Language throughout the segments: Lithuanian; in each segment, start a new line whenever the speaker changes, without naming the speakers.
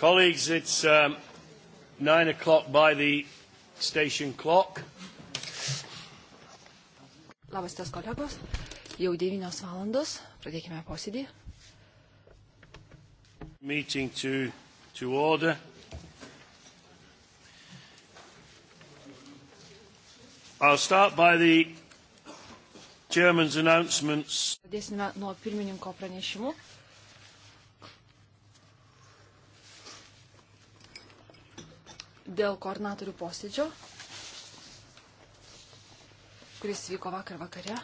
Colleagues, it's um, nine o'clock by the station clock.
Labas tas kolegos, jau 9 valandos, pradėkime posėdį.
Meeting to, to order. I'll start by the Chairman's announcements.
Pradėsime nuo pirmininko pranešimų. dėl koordinatorių posėdžio, kuris vyko vakar vakare.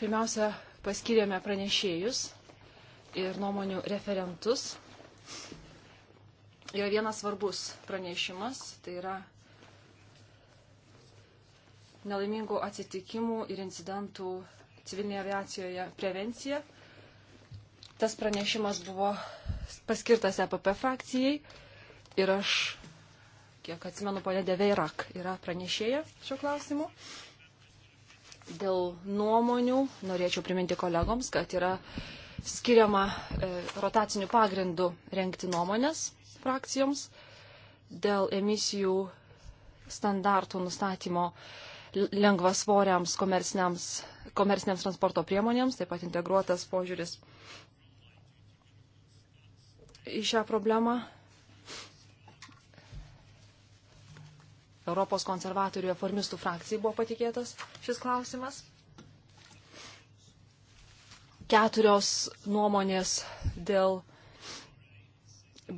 Pirmiausia, paskirėme pranešėjus ir nuomonių referentus. Yra vienas svarbus pranešimas, tai yra nelaimingų atsitikimų ir incidentų civilinėje aviacijoje prevencija – Tas pranešimas buvo paskirtas EPP frakcijai ir aš, kiek atsimenu, ponė Deveirak yra pranešėja šiuo klausimu. Dėl nuomonių norėčiau priminti kolegoms, kad yra skiriama e, rotacinių pagrindų renkti nuomonės frakcijoms dėl emisijų standartų nustatymo lengvasvoriams komerciniams, komerciniams transporto priemonėms, taip pat integruotas požiūris į šią problemą. Europos konservatorių reformistų frakcijai buvo patikėtas šis klausimas. Keturios nuomonės dėl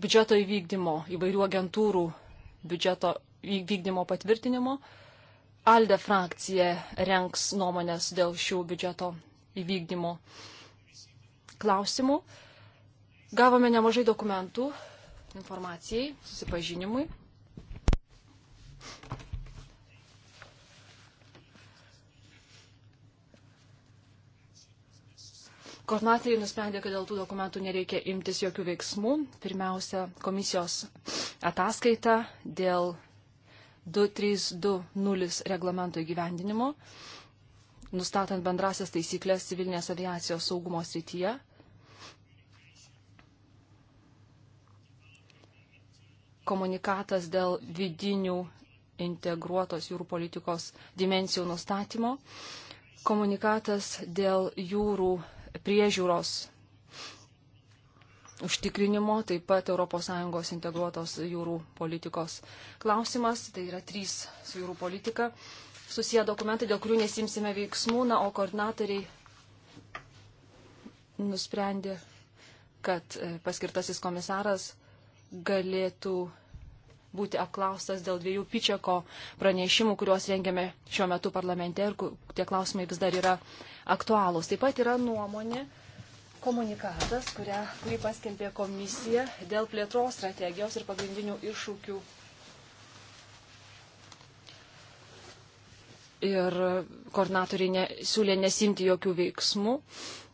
biudžeto įvykdymo, įvairių agentūrų biudžeto įvykdymo patvirtinimo. Alde frakcija renks nuomonės dėl šių biudžeto įvykdymo klausimų. Gavome nemažai dokumentų informacijai, susipažinimui. Koordinatoriai nusprendė, kad dėl tų dokumentų nereikia imtis jokių veiksmų. Pirmiausia, komisijos ataskaita dėl 2320 reglamento įgyvendinimo, nustatant bendrasias taisyklės civilinės aviacijos saugumo srityje. komunikatas dėl vidinių integruotos jūrų politikos dimensijų nustatymo, komunikatas dėl jūrų priežiūros užtikrinimo, taip pat ES integruotos jūrų politikos klausimas, tai yra trys su jūrų politika susiję dokumentai, dėl kurių nesimsime veiksmų, na, o koordinatoriai nusprendė, kad e, paskirtasis komisaras galėtų būti apklaustas dėl dviejų Pičiako pranešimų, kuriuos rengiame šiuo metu parlamente ir tie klausimai vis dar yra aktualūs. Taip pat yra nuomonė, komunikatas, kurią, kurį paskelbė komisija dėl plėtros strategijos ir pagrindinių iššūkių. Ir koordinatoriai ne, siūlė nesimti jokių veiksmų. Uh,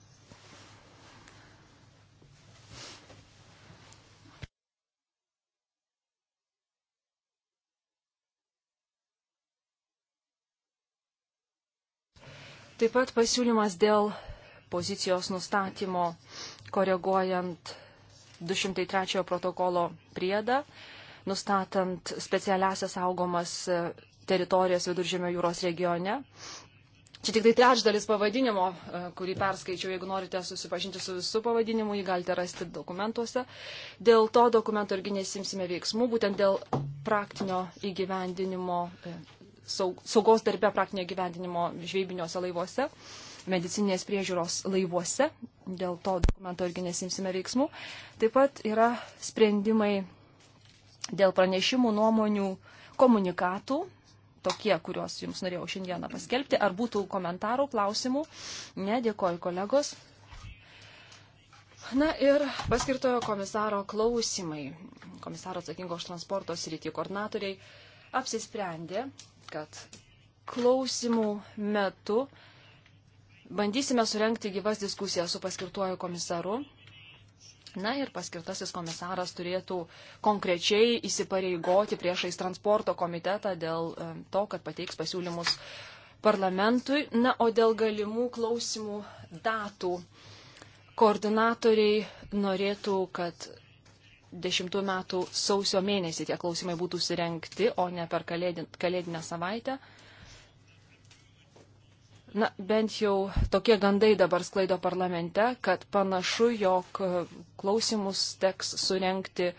Taip pat pasiūlymas dėl pozicijos nustatymo koreguojant 203 protokolo priedą, nustatant specialiasias saugomas e, teritorijas Viduržėmio jūros regione. Čia tik tai trečdalis pavadinimo, e, kurį perskaičiau, jeigu norite susipažinti su visų pavadinimu, jį galite rasti dokumentuose. Dėl to dokumento irgi nesimsime veiksmų, būtent dėl praktinio įgyvendinimo e, saugos darbę praktinio gyvendinimo žvejybiniuose laivuose, medicinės priežiūros laivuose, dėl to dokumento irgi nesimsime veiksmų. Taip pat yra sprendimai dėl pranešimų, nuomonių, komunikatų, tokie, kuriuos jums norėjau šiandieną paskelbti. Ar būtų komentarų, klausimų? Ne, dėkoju kolegos. Na ir paskirtojo komisaro klausimai. Komisaro atsakingo už transporto srity koordinatoriai apsisprendė kad klausimų metu bandysime surenkti gyvas diskusijas su paskirtuoju komisaru. Na ir paskirtasis komisaras turėtų konkrečiai įsipareigoti priešais transporto komitetą dėl e, to, kad pateiks pasiūlymus parlamentui. Na, o dėl galimų klausimų datų koordinatoriai norėtų, kad 2010 metų sausio mėnesį tie klausimai būtų surenkti, o ne per kalėdinę savaitę. Na, bent jau tokie gandai dabar sklaido parlamente, kad panašu, jog klausimus teks surenkti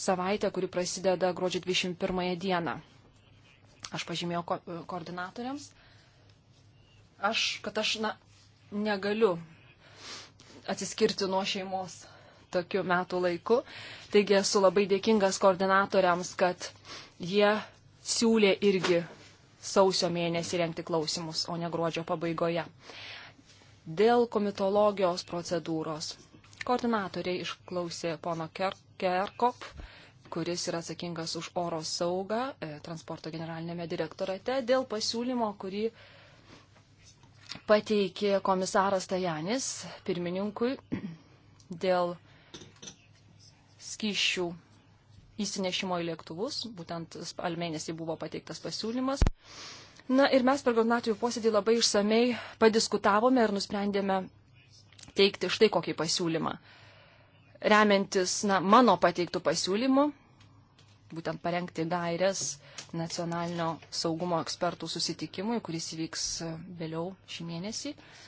savaitę, kuri prasideda gruodžio 21 dieną. Aš pažymėjau ko koordinatoriams, aš, kad aš na, negaliu atsiskirti nuo šeimos tokiu metų laiku. Taigi esu labai dėkingas koordinatoriams, kad jie siūlė irgi sausio mėnesį renkti klausimus, o ne gruodžio pabaigoje. Dėl komitologijos procedūros. Koordinatoriai išklausė pono Kerkop, kuris yra atsakingas už oro saugą e, transporto generalinėme direktorate, dėl pasiūlymo, kurį pateikė komisaras Tajanis pirmininkui dėl skyšių įsinešimo į lėktuvus. Būtent almėnesį buvo pateiktas pasiūlymas. Na ir mes per koordinatorių posėdį labai išsamei padiskutavome ir nusprendėme teikti štai kokį pasiūlymą. Remiantis na, mano pateiktų pasiūlymų, būtent parengti gairias nacionalinio saugumo ekspertų susitikimui, kuris įvyks vėliau šį mėnesį. Uh,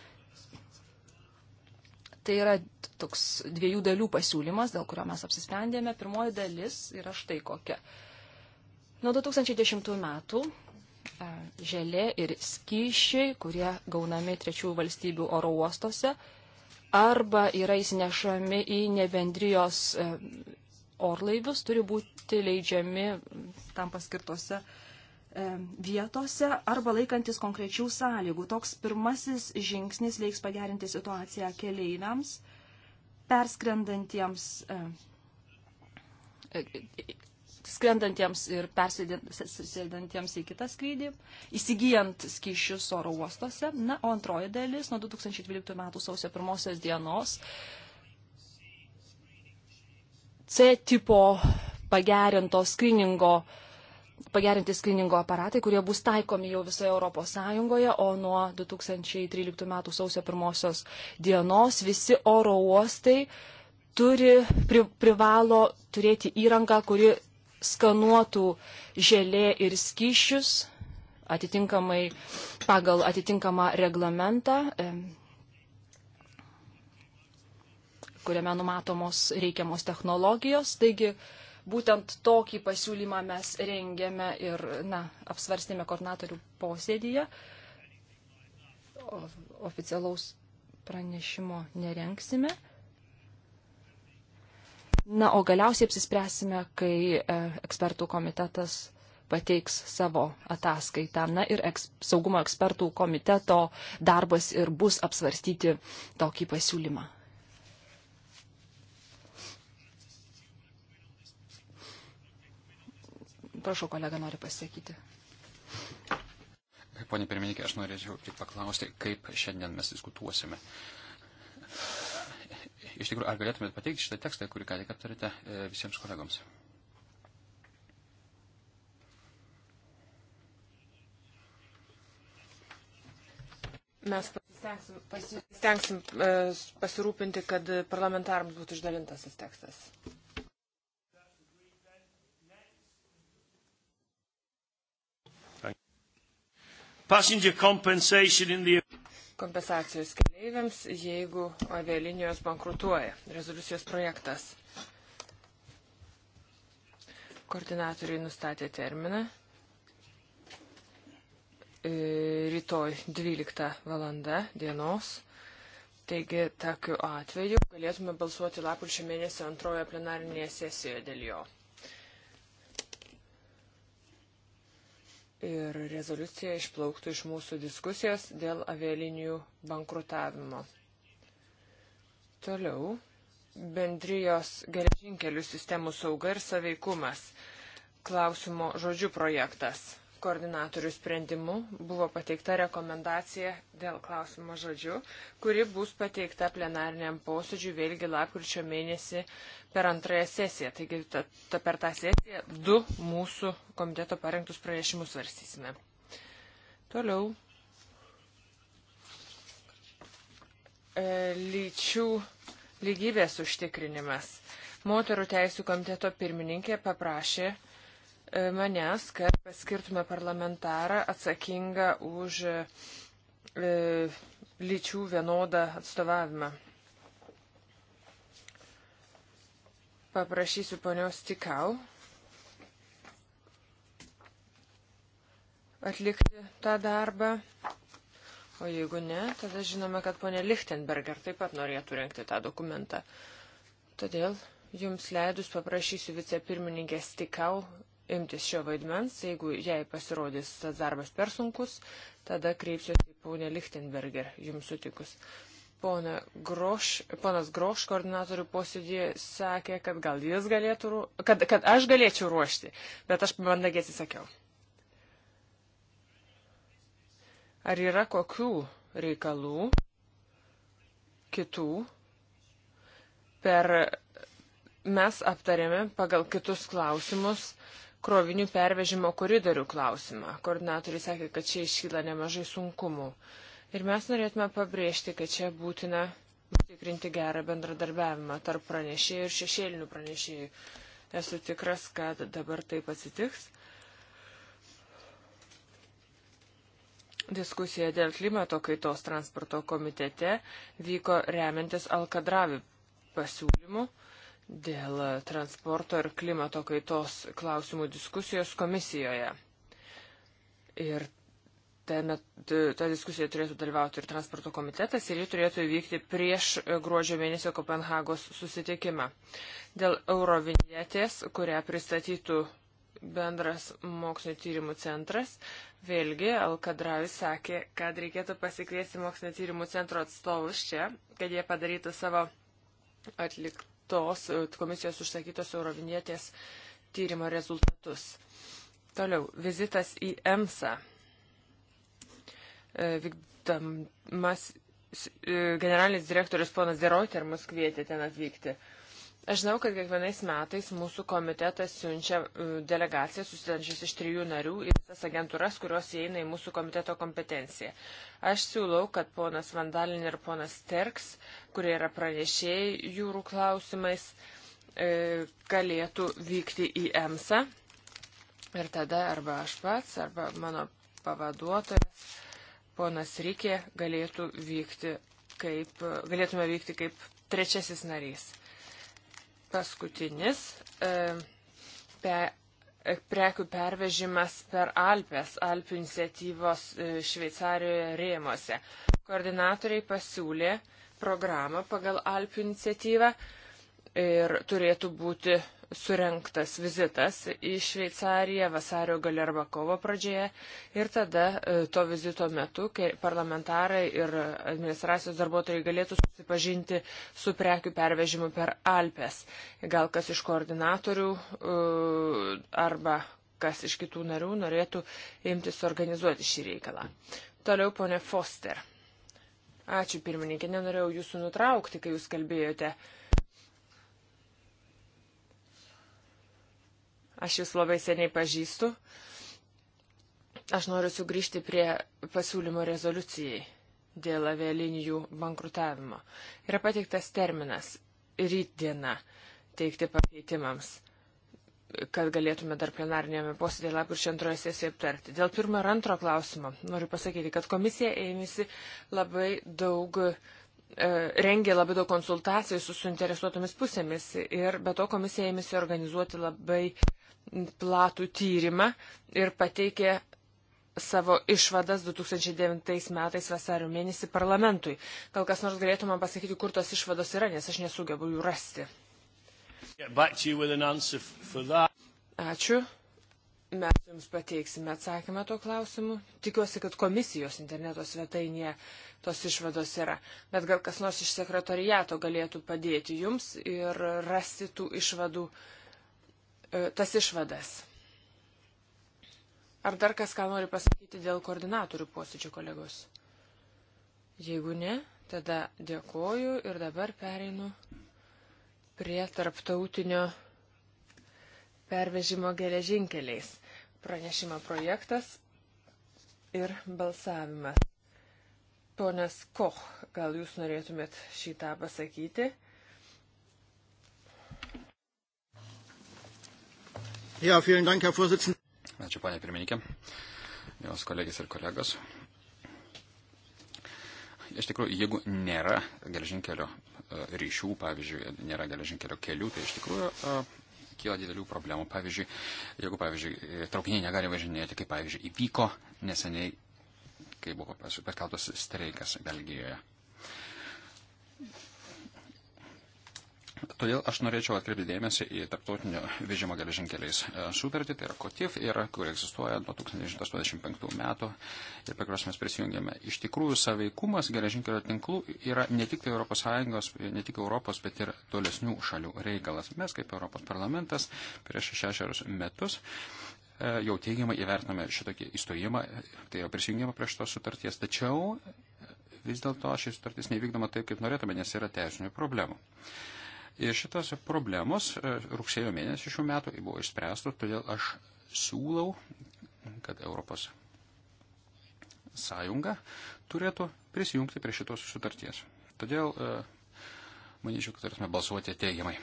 Tai yra toks dviejų dalių pasiūlymas, dėl kurio mes apsisprendėme. Pirmoji dalis yra štai kokia. Nuo 2010 metų e, želė ir skyšiai, kurie gaunami trečių valstybių oro uostose, arba yra įsinešami į nebendrijos e, orlaivius, turi būti leidžiami tam paskirtose E, vietose arba laikantis konkrečių sąlygų. Toks pirmasis žingsnis leiks pagerinti situaciją keleiviams, perskrendantiems, e, e, skrendantiems ir persėdantiems į kitą skrydį, įsigijant skyšius oro uostuose. Na, o antroji dalis nuo 2012 m. sausio pirmosios dienos C tipo pagerinto skriningo uh, pagerinti skriningo aparatai, kurie bus taikomi jau visoje Europos Sąjungoje, o nuo 2013 m. sausio pirmosios dienos visi oro uostai turi, pri, privalo turėti įrangą, kuri skanuotų želė ir skyšius atitinkamai pagal atitinkamą reglamentą, kuriame numatomos reikiamos technologijos. Taigi, Būtent tokį pasiūlymą mes rengėme ir, na, apsvarstėme koordinatorių posėdyje. Oficialaus pranešimo nerenksime. Na, o galiausiai apsispręsime, kai e, ekspertų komitetas pateiks savo ataskaitą. Na ir eks, saugumo ekspertų komiteto darbas ir bus apsvarstyti tokį pasiūlymą. Prašau, kolega nori pasakyti.
Pone pirmininkė, aš norėčiau tik paklausti, kaip šiandien mes diskutuosime. Iš tikrųjų, ar galėtumėte pateikti šitą tekstą, kurį ką tik aptarėte e, visiems kolegoms?
Mes pasistengsim, pasistengsim e, pasirūpinti, kad parlamentarams būtų išdalintas tas tekstas. The... Kompensacijos keleiviams, jeigu avialinijos bankrutuoja. Rezoliucijos projektas. Koordinatoriai nustatė terminą. E, rytoj 12 valanda dienos. Taigi, tokiu atveju galėtume balsuoti lapkričio mėnesio antrojo plenarinėje sesijoje dėl jo. ir rezoliucija išplauktų iš mūsų diskusijos dėl avialinijų bankrutavimo. Toliau bendrijos geležinkelių sistemų sauga ir saveikumas klausimo žodžių projektas koordinatorių sprendimu buvo pateikta rekomendacija dėl klausimo žodžių, kuri bus pateikta plenariniam posėdžiui vėlgi lapkričio mėnesį per antrąją sesiją. Taigi ta, ta, per tą sesiją du mūsų komiteto parengtus pranešimus svarstysime. Toliau. E, lyčių lygybės užtikrinimas. Moterų teisų komiteto pirmininkė paprašė E, manęs, kad paskirtume parlamentarą atsakingą už e, lyčių vienodą atstovavimą. Paprašysiu ponios Tikau atlikti tą darbą. O jeigu ne, tada žinome, kad ponė Lichtenberger taip pat norėtų renkti tą dokumentą. Todėl jums leidus paprašysiu vicepirmininkės Tikau imtis šio vaidmens, jeigu jai pasirodys tas darbas per sunkus, tada kreipsiuosi į ponę Lichtenberger, jums sutikus. Pona Groš, ponas Groš koordinatorių posėdėje sakė, kad gal jis galėtų, kad, kad aš galėčiau ruošti, bet aš mandagiai atsisakiau. Ar yra kokių reikalų kitų per mes aptarėme pagal kitus klausimus krovinių pervežimo koridorių klausimą. Koordinatoriai sakė, kad čia iškyla nemažai sunkumų. Ir mes norėtume pabrėžti, kad čia būtina užtikrinti gerą bendradarbiavimą tarp pranešėjų ir šešėlinių pranešėjų. Esu tikras, kad dabar taip atsitiks. Diskusija dėl klimato kaitos transporto komitete vyko remiantis Alkadravi pasiūlymu dėl transporto ir klimato kaitos klausimų diskusijos komisijoje. Ir tame, ta diskusija turėtų dalyvauti ir transporto komitetas, ir ji turėtų įvykti prieš gruodžio mėnesio Kopenhagos susitikimą. Dėl eurovinietės, kurią pristatytų bendras mokslinio tyrimų centras, vėlgi Alkadravis sakė, kad reikėtų pasikviesti mokslinio tyrimų centro atstovus čia, kad jie padarytų savo atliktą tos e, komisijos užsakytos Eurovinietės tyrimo rezultatus. Toliau, vizitas į EMSA. E, vykdamas e, generalinis direktorius ponas Deroiter mus kvietė ten atvykti. Aš žinau, kad kiekvienais metais mūsų komitetas siunčia e, delegacijas susidančias iš trijų narių į visas agentūras, kurios įeina į mūsų komiteto kompetenciją. Aš siūlau, kad ponas Vandalin ir ponas Terks, kurie yra pranešėjai jūrų klausimais, e, galėtų vykti į EMSA. Ir tada arba aš pats, arba mano pavaduotojas, ponas Rikė, galėtų vykti kaip, galėtume vykti kaip trečiasis narys paskutinis e, pe, prekių pervežimas per Alpes, Alpių iniciatyvos e, Šveicarijoje rėmose. Koordinatoriai pasiūlė programą pagal Alpių iniciatyvą ir turėtų būti surinktas vizitas į Šveicariją vasario gale arba kovo pradžioje ir tada e, to vizito metu, kai parlamentarai ir administracijos darbuotojai galėtų susipažinti su prekių pervežimu per Alpes. Gal kas iš koordinatorių e, arba kas iš kitų narių norėtų imtis organizuoti šį reikalą. Toliau ponė Foster. Ačiū pirmininkė, nenorėjau jūsų nutraukti, kai jūs kalbėjote. Uh, Aš jūs labai seniai pažįstu. Aš noriu sugrįžti prie pasiūlymo rezoliucijai dėl avialinijų bankrutavimo. Yra pateiktas terminas rytdiena teikti pakeitimams, kad galėtume dar plenarnėme posėdėje lapkričio antroje sesijoje aptarti. Dėl pirmo ir antro klausimo noriu pasakyti, kad komisija ėmėsi labai daug e, rengė labai daug konsultacijų su suinteresuotomis pusėmis ir be to komisija ėmėsi organizuoti labai uh, platų tyrimą ir pateikė savo išvadas 2009 metais vasario mėnesį parlamentui. Gal kas nors galėtų man pasakyti, kur tos išvados yra, nes aš nesugebu jų rasti. Ačiū. Mes jums pateiksime atsakymą tuo klausimu. Tikiuosi, kad komisijos interneto svetainėje tos išvados yra. Bet gal kas nors iš sekretoriato galėtų padėti jums ir rasti tų išvadų uh, E, tas išvadas. Ar dar kas ką nori pasakyti dėl koordinatorių posėdžių kolegos? Jeigu ne, tada dėkoju ir dabar pereinu prie tarptautinio pervežimo geležinkeliais. Pranešimo projektas ir balsavimas. Ponas Koch, gal jūs norėtumėt šitą pasakyti?
Ja, Dank, Ačiū, ponė pirmininkė, jos kolegės ir kolegos. Iš tikrųjų, jeigu nėra geležinkelio e, ryšių, pavyzdžiui, nėra geležinkelio kelių, tai iš tikrųjų e, kyla didelių problemų. Pavyzdžiui, jeigu, pavyzdžiui, traukiniai negali važinėti, kaip, pavyzdžiui, įvyko neseniai, kai buvo paskeltas streikas Belgijoje. Todėl aš norėčiau atkreipti dėmesį į tarptautinio vežimo geležinkeliais e, sutartį, tai yra KOTIF, yra, kur egzistuoja nuo 1985 metų ir prie kurios mes prisijungėme. Iš tikrųjų, saveikumas geležinkelio tinklų yra ne tik tai ES, ne tik Europos, bet ir tolesnių šalių reikalas. Mes kaip Europos parlamentas prieš šešerius metus e, jau teigiamai įvertiname šitokį įstojimą, tai jau prisijungimą prie šitos sutarties, tačiau e, vis dėlto šis sutartis nevykdoma taip, kaip norėtume, nes yra teisinių problemų. Ir šitas problemos e, rugsėjo mėnesį šių metų buvo išspręstos, todėl aš siūlau, kad Europos sąjunga turėtų prisijungti prie šitos sutarties. Todėl e, manyčiau, kad turėtume
balsuoti teigiamai.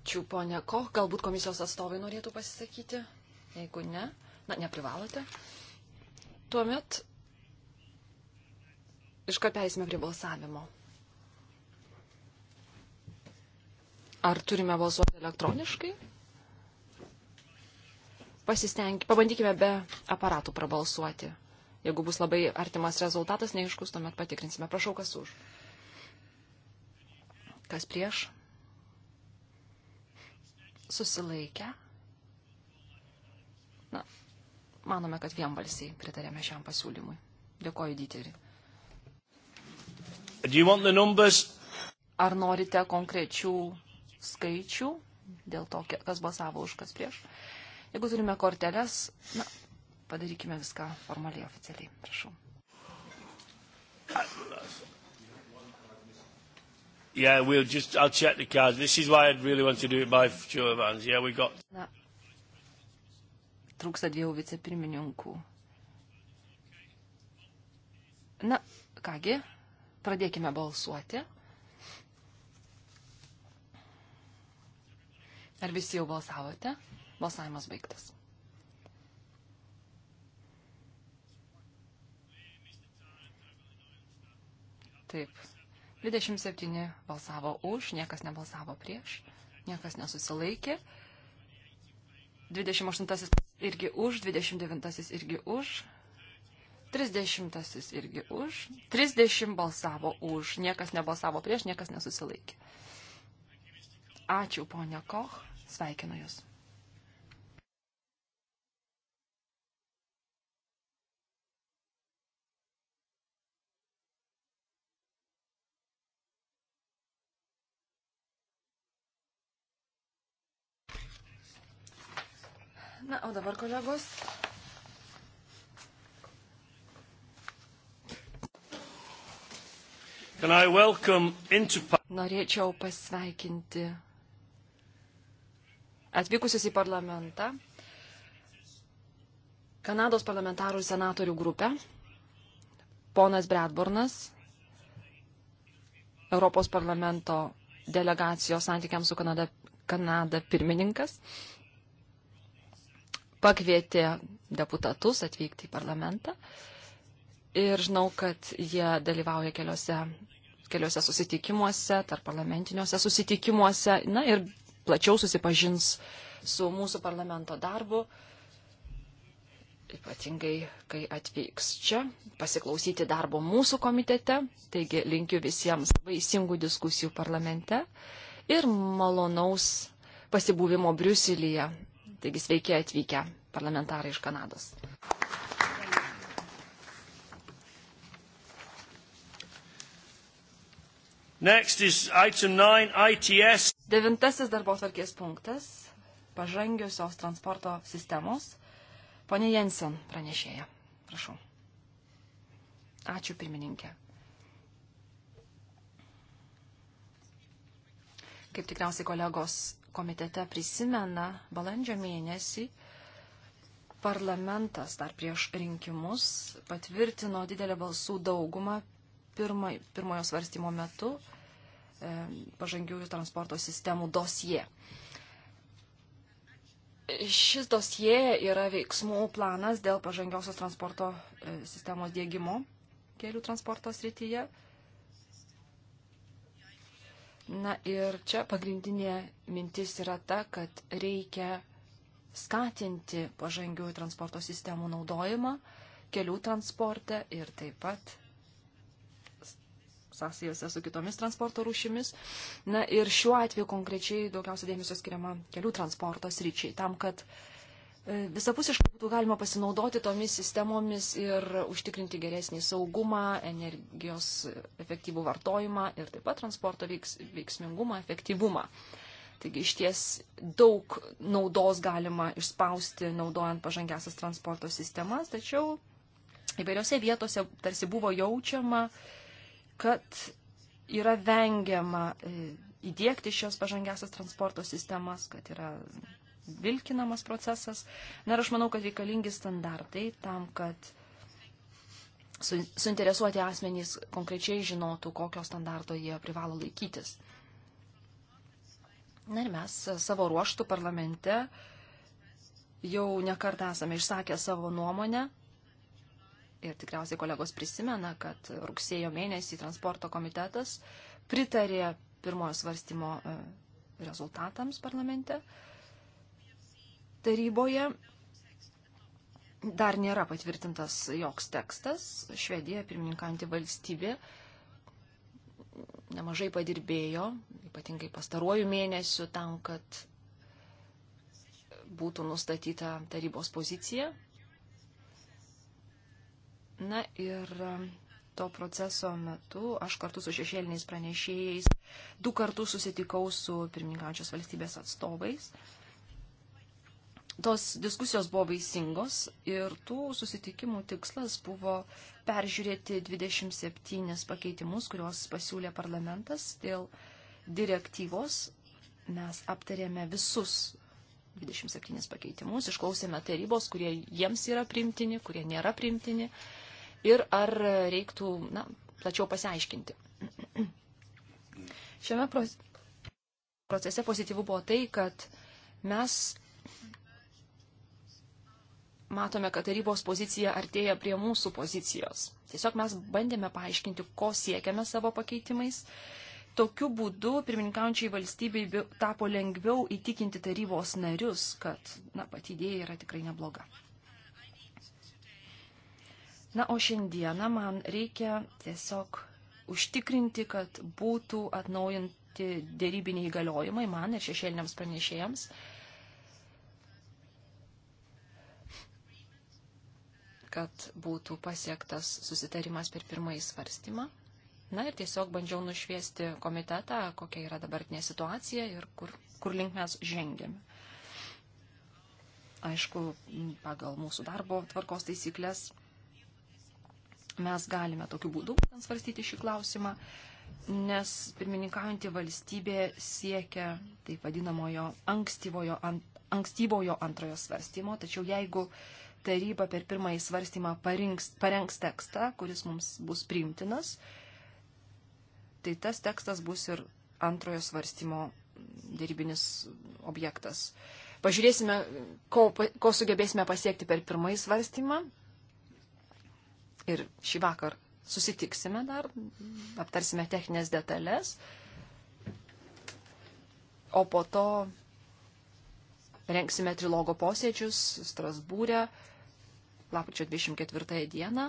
Ačiū, ponia Ko, galbūt komisijos atstovai norėtų pasisakyti, jeigu ne, na, neprivalote. Tuomet iškart eisime prie balsavimo. Ar turime balsuoti elektroniškai? Pasistengti, pabandykime be aparatų prabalsuoti. Jeigu bus labai artimas rezultatas, neaiškus, tuomet patikrinsime. Prašau, kas už. Kas prieš? Susilaikę. Na, manome, kad vienbalsiai pritarėme šiam pasiūlymui. Dėkoju, Diterį. Ar norite konkrečių skaičių, dėl to, kas balsavo už, kas prieš. Jeigu turime korteles, na, padarykime viską formaliai, oficialiai. Prašau.
Yeah, we'll just, I'll check the cards. This is why I really want to do it by show of hands. Yeah, we got...
Na, trūksta dviejų vicepirmininkų. Na, kągi, pradėkime balsuoti. Ar visi jau balsavote? Balsavimas baigtas. Taip. 27 balsavo už, niekas nebalsavo prieš, niekas nesusilaikė. 28 irgi už, 29 irgi už, 30 irgi už, 30 balsavo už, niekas nebalsavo prieš, niekas nesusilaikė. Ačiū, ponia Koch. Sveikinu Jūs. Na, o dabar kolegos. Norėčiau pasveikinti atvykusius į parlamentą Kanados parlamentarų ir senatorių grupę, ponas Bradburnas, Europos parlamento delegacijos santykiams su Kanada, Kanada pirmininkas, pakvietė deputatus atvykti į parlamentą ir žinau, kad jie dalyvauja keliose keliuose susitikimuose, tarp parlamentiniuose susitikimuose. Na ir plačiau susipažins su mūsų parlamento darbu, ypatingai kai atvyks čia, pasiklausyti darbo mūsų komitete. Taigi linkiu visiems vaisingų diskusijų parlamente ir malonaus pasibūvimo Briuselyje. Taigi sveiki atvykę parlamentarai iš Kanados.
Next is item 9, ITS.
Devintasis darbo tvarkės punktas - pažangiosios transporto sistemos. Pone Jensen pranešėja. Prašau. Ačiū pirmininkė. Kaip tikriausiai kolegos komitete prisimena, balandžio mėnesį parlamentas dar prieš rinkimus patvirtino didelę balsų daugumą pirmai, pirmojo svarstymo metu E, pažangiųjų transporto sistemų dosie. Šis dosie yra veiksmų planas dėl pažangiausios transporto e, sistemos dėgymo kelių transporto srityje. Na ir čia pagrindinė mintis yra ta, kad reikia skatinti pažangiųjų transporto sistemų naudojimą kelių transporte ir taip pat sąsajose su kitomis transporto rūšimis. Na ir šiuo atveju konkrečiai daugiausia dėmesio skiriama kelių transporto sryčiai, tam, kad e, visapusiškai būtų galima pasinaudoti tomis sistemomis ir užtikrinti geresnį saugumą, energijos efektyvų vartojimą ir taip pat transporto veiks, veiksmingumą, efektyvumą. Taigi iš ties daug naudos galima išspausti naudojant pažangiasias transporto sistemas, tačiau įvairiose vietose tarsi buvo jaučiama uh, kad yra vengiama e, įdėkti šios pažangiasias transporto sistemas, kad yra vilkinamas procesas. Na ir aš manau, kad reikalingi standartai tam, kad suinteresuoti asmenys konkrečiai žinotų, kokio standarto jie privalo laikytis. Na ir mes e, savo ruoštų parlamente jau nekartą esame išsakę savo nuomonę ir tikriausiai kolegos prisimena, kad rugsėjo mėnesį transporto komitetas pritarė pirmojo svarstymo e, rezultatams parlamente. Taryboje dar nėra patvirtintas joks tekstas. Švedija, pirmininkanti valstybė, nemažai padirbėjo, ypatingai pastaruoju mėnesiu, tam, kad būtų nustatyta tarybos pozicija Na ir um, to proceso metu aš kartu su šešėliniais pranešėjais du kartus susitikau su pirmininkančios valstybės atstovais. Tos diskusijos buvo vaisingos ir tų susitikimų tikslas buvo peržiūrėti 27 pakeitimus, kuriuos pasiūlė parlamentas dėl direktyvos. Mes aptarėme visus 27 pakeitimus, išklausėme tarybos, kurie jiems yra primtini, kurie nėra primtini. Uh, ir ar reiktų na, plačiau pasiaiškinti. Šiame procese pozityvų buvo tai, kad mes matome, kad tarybos pozicija artėja prie mūsų pozicijos. Tiesiog mes bandėme paaiškinti, ko siekiame savo pakeitimais. Tokiu būdu pirmininkaujančiai valstybei tapo lengviau įtikinti tarybos narius, kad na, pati idėja yra tikrai nebloga. Na, o šiandieną man reikia tiesiog užtikrinti, kad būtų atnaujinti dėrybiniai įgaliojimai man ir šešėliniams pranešėjams. kad būtų pasiektas susitarimas per pirmąjį svarstymą. Na ir tiesiog bandžiau nušviesti komitetą, kokia yra dabartinė situacija ir kur, kur link mes žengėme. Aišku, pagal mūsų darbo tvarkos taisyklės mes galime tokiu būdu svarstyti šį klausimą, nes pirmininkaujanti valstybė siekia taip vadinamojo ankstyvojo, ant, ankstyvojo antrojo svarstymo, tačiau jeigu taryba per pirmąjį svarstymą parinks, parengs tekstą, kuris mums bus priimtinas, tai tas tekstas bus ir antrojo svarstymo dėrybinis objektas. Pažiūrėsime, ko, ko sugebėsime pasiekti per pirmąjį svarstymą ir šį vakar susitiksime dar, aptarsime techninės detalės, o po to rengsime trilogo posėdžius Strasbūrė lapkričio 24 dieną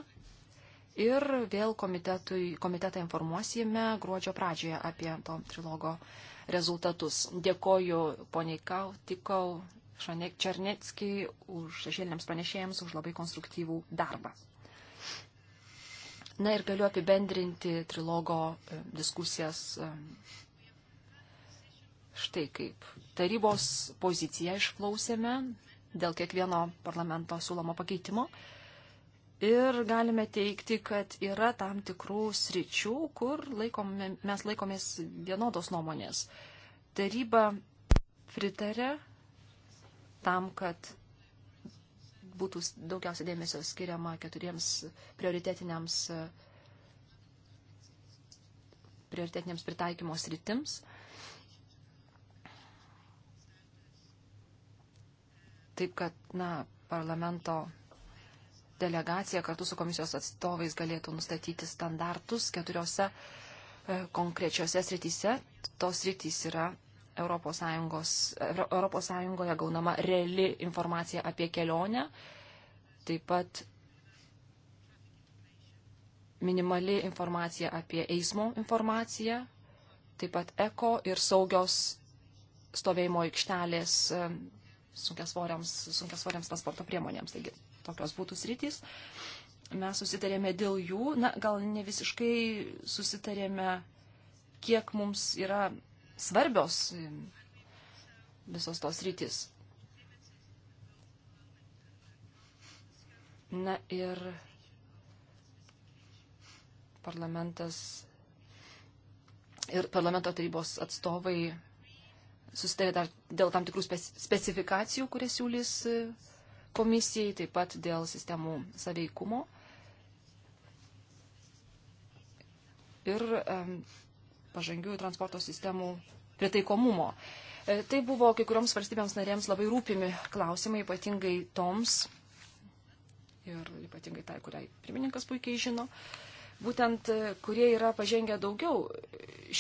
ir vėl komitetą informuosime gruodžio pradžioje apie to trilogo rezultatus. Dėkoju poniai Kautikau, Šanek Černeckiai, už šešėliniams pranešėjams, už labai konstruktyvų darbą. Na ir galiu apibendrinti trilogo e, diskusijas e, štai kaip. Tarybos poziciją išklausėme dėl kiekvieno parlamento siūlomo pakeitimo. Ir galime teikti, kad yra tam tikrų sričių, kur laikome, mes laikomės vienodos nuomonės. Taryba pritarė tam, kad būtų daugiausia dėmesio skiriama keturiems prioritetiniams prioritetiniams pritaikymo sritims. Taip, kad, na, parlamento delegacija kartu su komisijos atstovais galėtų nustatyti standartus keturiose e, konkrečiose srityse. Tos sritys yra ES, ES gaunama reali informacija apie kelionę, taip pat minimali informacija apie eismo informaciją, taip pat eko ir saugios stovėjimo aikštelės e, sunkiasvoriams, sunkiasvoriams transporto priemonėms. Taigi tokios būtų sritys. Mes susitarėme dėl jų, na gal ne visiškai susitarėme, kiek mums yra svarbios visos tos rytis. Na ir parlamentas ir parlamento tarybos atstovai susitarė dar dėl tam tikrų specifikacijų, kurias siūlys komisijai, taip pat dėl sistemų saveikumo. Ir um, pažangiųjų transporto sistemų pritaikomumo. E, tai buvo kai kurioms valstybėms narėms labai rūpimi klausimai, ypatingai toms ir ypatingai tai, kuriai pirmininkas puikiai žino, būtent e, kurie yra pažengę daugiau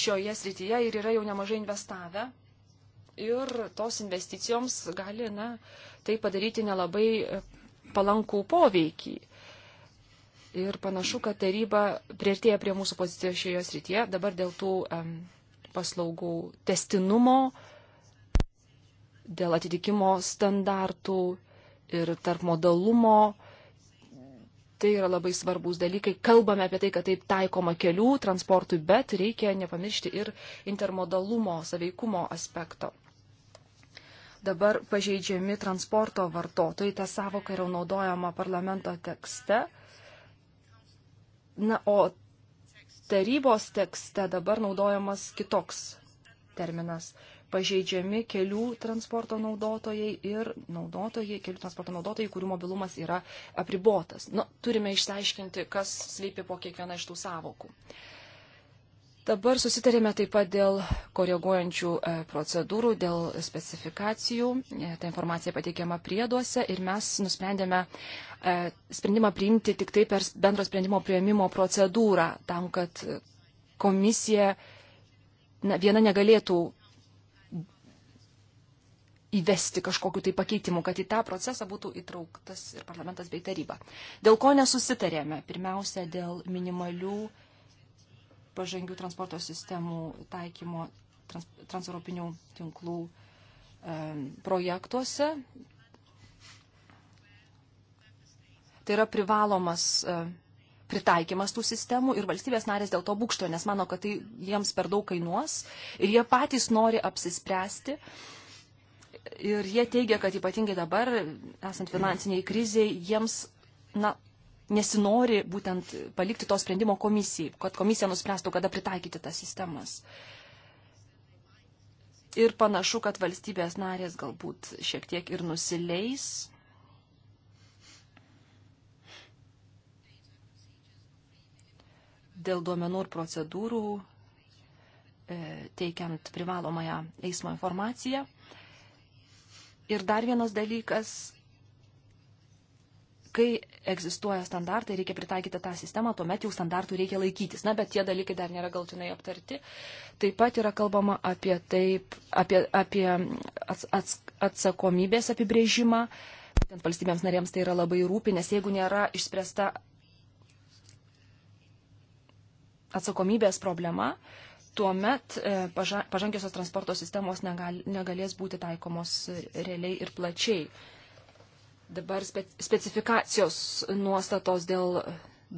šioje srityje ir yra jau nemažai investavę. Ir tos investicijoms gali, na, tai padaryti nelabai e, palankų poveikį. Ir panašu, kad taryba prieartėja prie mūsų pozicijos šioje srityje. Dabar dėl tų um, paslaugų testinumo, dėl atitikimo standartų ir tarp modalumo. Tai yra labai svarbus dalykai. Kalbame apie tai, kad taip taikoma kelių transportui, bet reikia nepamiršti ir intermodalumo, saveikumo aspekto. Dabar pažeidžiami transporto vartotojai, ta savoka yra naudojama parlamento tekste Na, o tarybos tekste dabar naudojamas kitoks terminas pažeidžiami kelių transporto naudotojai ir naudotojai, kelių transporto naudotojai, kurių mobilumas yra apribotas. Nu, turime išsiaiškinti, kas slypi po kiekvieną iš tų savokų. Uh, Dabar susitarėme taip pat dėl koreguojančių e, procedūrų, dėl specifikacijų. E, ta informacija pateikiama prieduose ir mes nusprendėme e, sprendimą priimti tik tai per bendro sprendimo prieimimo procedūrą, tam, kad komisija na, viena negalėtų įvesti kažkokiu tai pakeitimu, kad į tą procesą būtų įtrauktas ir parlamentas bei taryba. Dėl ko nesusitarėme? Pirmiausia, dėl minimalių pažangių transporto sistemų taikymo trans, transeuropinių tinklų e, projektuose. Tai yra privalomas e, pritaikymas tų sistemų ir valstybės narės dėl to būkšto, nes mano, kad tai jiems per daug kainuos ir jie patys nori apsispręsti. Ir jie teigia, kad ypatingai dabar, esant finansiniai kriziai, jiems na, nesinori būtent palikti to sprendimo komisijai, kad komisija nuspręstų, kada pritaikyti tas sistemas. Ir panašu, kad valstybės narės galbūt šiek tiek ir nusileis. Dėl duomenų ir procedūrų e, teikiant privalomąją eismo informaciją. Ir dar vienas dalykas kai egzistuoja standartai, reikia pritaikyti tą sistemą, tuomet jau standartų reikia laikytis. Na, bet tie dalykai dar nėra galtinai aptarti. Taip pat yra kalbama apie, taip, apie, apie ats, ats, atsakomybės apibrėžimą. Būtent valstybėms narėms tai yra labai rūpi, nes jeigu nėra išspręsta atsakomybės problema, tuomet e, pažangiosios transporto sistemos negal, negalės būti taikomos realiai ir plačiai. Dabar specifikacijos nuostatos dėl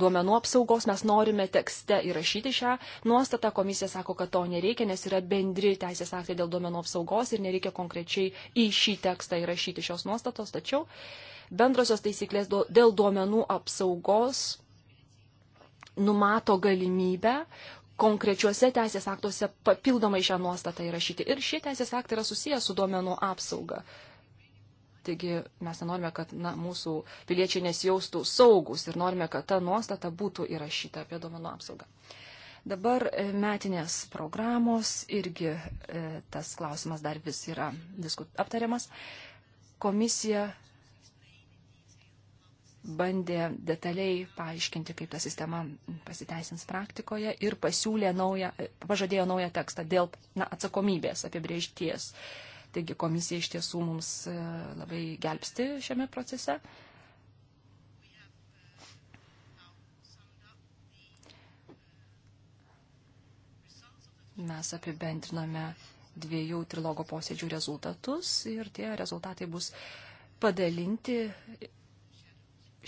duomenų apsaugos mes norime tekste įrašyti šią nuostatą. Komisija sako, kad to nereikia, nes yra bendri teisės aktai dėl duomenų apsaugos ir nereikia konkrečiai į šį tekstą įrašyti šios nuostatos. Tačiau bendrosios taisyklės dėl duomenų apsaugos numato galimybę konkrečiuose teisės aktuose papildomai šią nuostatą įrašyti. Ir šie teisės aktai yra susijęs su duomenų apsauga. Taigi mes nenorime, kad na, mūsų piliečiai nesijaustų saugus ir norime, kad ta nuostata būtų įrašyta apie duomenų apsaugą. Dabar e, metinės programos irgi e, tas klausimas dar vis yra diskut, aptariamas. Komisija bandė detaliai paaiškinti, kaip ta sistema pasiteisins praktikoje ir pasiūlė naują, pažadėjo naują tekstą dėl na, atsakomybės apibriežties. E, Taigi komisija iš tiesų mums e, labai gelbsti šiame procese. Mes apibendriname dviejų trilogo posėdžių rezultatus ir tie rezultatai bus padalinti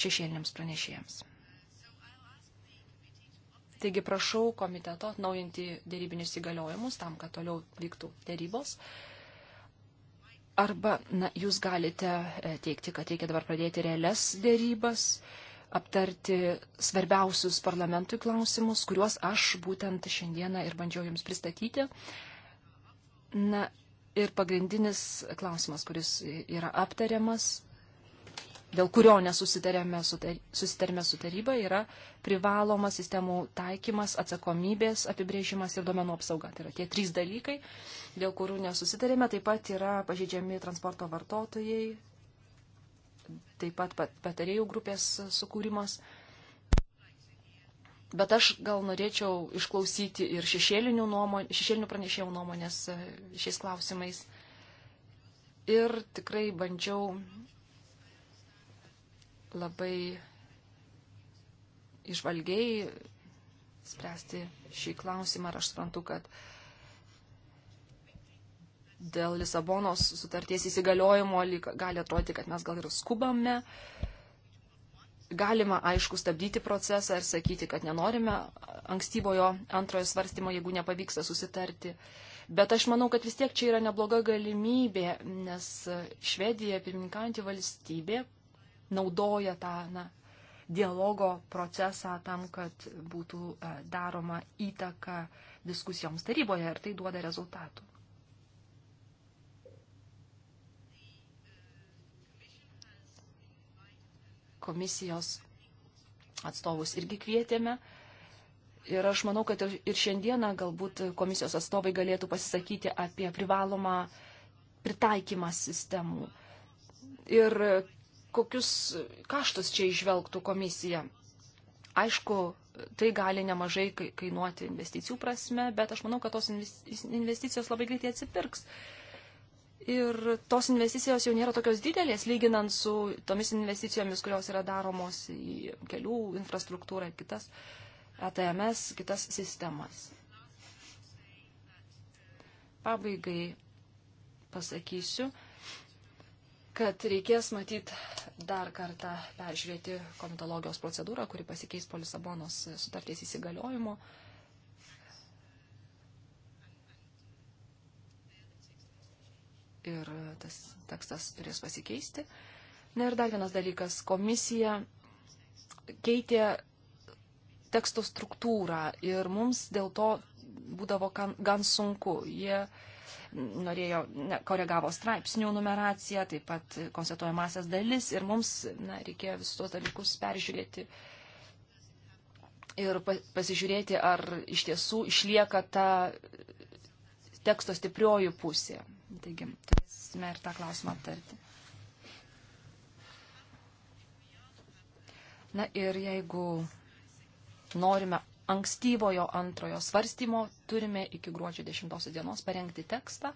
šešėliniams pranešėjams. Taigi prašau komiteto atnaujinti dėrybinius įgaliojimus tam, kad toliau vyktų dėrybos. Uh, Arba na, jūs galite e, teikti, kad reikia dabar pradėti realias dėrybas, aptarti svarbiausius parlamentui klausimus, kuriuos aš būtent šiandieną ir bandžiau jums pristatyti. Na ir pagrindinis klausimas, kuris yra aptariamas dėl kurio nesusitarėme su, susitarėme su taryba, yra privalomas sistemų taikymas, atsakomybės apibrėžimas ir duomenų apsauga. Tai yra tie trys dalykai, dėl kurių nesusitarėme. Taip pat yra pažeidžiami transporto vartotojai, taip pat patarėjų grupės sukūrimas. Bet aš gal norėčiau išklausyti ir šešėlinių, nuomon, šešėlinių pranešėjų nuomonės e, šiais klausimais. Ir tikrai bandžiau labai išvalgiai spręsti šį klausimą ir aš suprantu, kad dėl Lisabonos sutarties įsigaliojimo gali atrodyti, kad mes gal ir skubame. Galima, aišku, stabdyti procesą ir sakyti, kad nenorime ankstyvojo antrojo svarstymo, jeigu nepavyksta susitarti. Bet aš manau, kad vis tiek čia yra nebloga galimybė, nes Švedija, pirmininkanti valstybė, naudoja tą na, dialogo procesą tam, kad būtų e, daroma įtaka diskusijoms taryboje ir tai duoda rezultatų. Komisijos atstovus irgi kvietėme. Ir aš manau, kad ir šiandieną galbūt komisijos atstovai galėtų pasisakyti apie privalomą pritaikymą sistemų. Ir kokius kaštus čia išvelgtų komisija. Aišku, tai gali nemažai kainuoti investicijų prasme, bet aš manau, kad tos investicijos labai greitai atsipirks. Ir tos investicijos jau nėra tokios didelės, lyginant su tomis investicijomis, kurios yra daromos į kelių infrastruktūrą ir kitas ATMS, e kitas sistemas. Pabaigai pasakysiu, kad reikės matyt dar kartą peržiūrėti komitologijos procedūrą, kuri pasikeis po Lisabonos sutarties įsigaliojimo. Ir tas tekstas turės pasikeisti. Na ir dar vienas dalykas. Komisija keitė teksto struktūrą ir mums dėl to būdavo gan sunku. Jie norėjo, ne, koregavo straipsnių numeraciją, taip pat konstatuojamasias dalis ir mums na, reikėjo visus tos dalykus peržiūrėti ir pasižiūrėti, ar iš tiesų išlieka ta teksto stiprioji pusė. Taigi, turėsime ir tą klausimą aptarti. Na ir jeigu norime ankstyvojo antrojo svarstymo turime iki gruodžio 10 dienos parengti tekstą.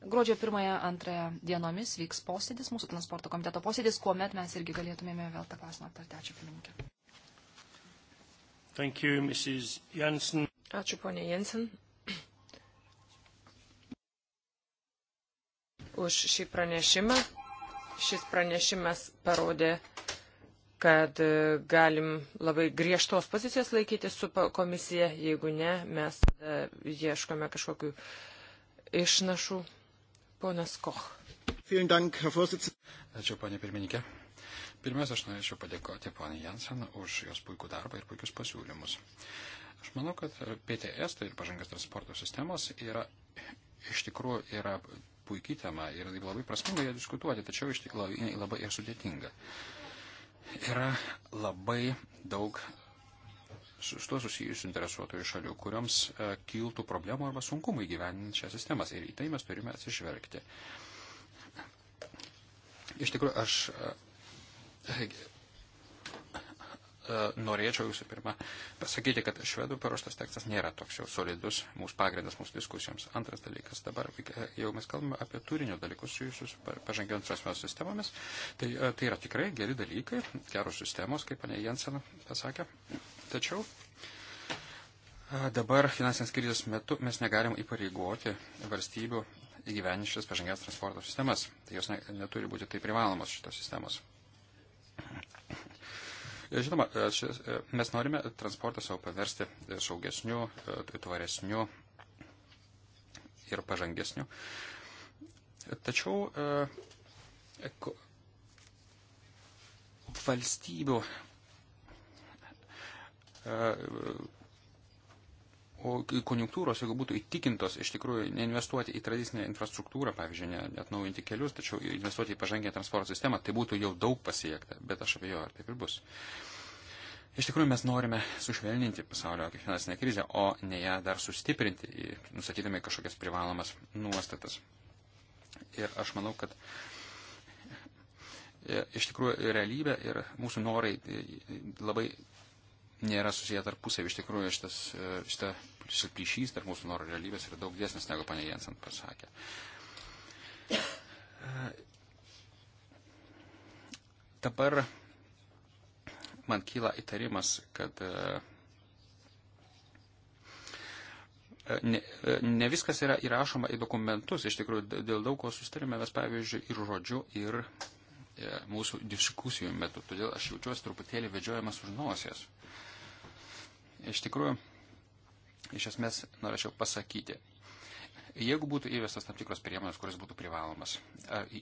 Gruodžio 1-2 dienomis vyks posėdis, mūsų transporto komiteto posėdis, kuomet mes irgi galėtumėme vėl tą klausimą aptarti. Ačiū, pirmininkė.
Thank you, Mrs. Jensen. Ačiū, ponė Jensen. Už šį pranešimą. Šis pranešimas parodė kad e, galim labai griežtos pozicijos laikytis su komisija, jeigu ne, mes tada ieškome kažkokių išnašų. Ponas Koch. Ačiū,
ponė pirmininkė. Pirmiausia, aš norėčiau padėkoti poniai Jansen už jos puikų darbą ir puikius pasiūlymus. Aš manau, kad PTS, tai ir pažangas transporto sistemos, yra iš tikrųjų yra puikiai tema ir labai prasminga ją diskutuoti, tačiau iš tikrųjų labai ir sudėtinga yra labai daug su tuo susijusių interesuotojų šalių, kuriams e, kiltų problemų arba sunkumų įgyveninant šias sistemas. Ir į tai mes turime atsižvelgti. Iš tikrųjų, aš e, E, norėčiau jūsų pirma pasakyti, kad švedų paruoštas tekstas nėra toks jau solidus mūsų pagrindas mūsų diskusijoms. Antras dalykas, dabar e, jau mes kalbame apie turinio dalykus susijusius pažangiant transmės sistemomis. Tai, e, tai yra tikrai geri dalykai, geros sistemos, kaip panė Jensen pasakė. Tačiau dabar finansinės krizės metu mes negalim įpareigoti valstybių įgyveninti šias pažangias transporto sistemas. Tai jos ne, neturi būti tai privalomos šitos sistemos. Žinoma, šis, e, mes norime transportą savo paversti e, saugesniu, e, tvaresniu ir pažangesniu. Tačiau valstybių konjunktūros, jeigu būtų įtikintos iš tikrųjų neinvestuoti į tradicinę infrastruktūrą, pavyzdžiui, net naujinti kelius, tačiau investuoti į pažangę transporto sistemą, tai būtų jau daug pasiekta, bet aš abejoju, ar taip ir bus. Iš tikrųjų, mes norime sušvelninti pasaulio finansinę krizę, o ne ją dar sustiprinti, nusatydami kažkokias privalomas nuostatas. Ir aš manau, kad e, iš tikrųjų realybė ir mūsų norai e, labai nėra susiję tarpusavį. Iš tikrųjų, šitas, e, šita, šis plyšys tarp mūsų norų realybės yra daug dėsnis, negu panė Jensen pasakė. Dabar man kyla įtarimas, kad e, ne, e, ne viskas yra įrašoma į dokumentus. Iš tikrųjų, dėl daug ko sustarime mes, pavyzdžiui, ir žodžiu, ir mūsų diskusijų metu. Todėl aš jaučiuosi truputėlį vedžiojamas už nosies. Uh, iš tikrųjų, iš esmės norėčiau pasakyti, jeigu būtų įvestas tam tikros priemonės, kuris būtų privalomas,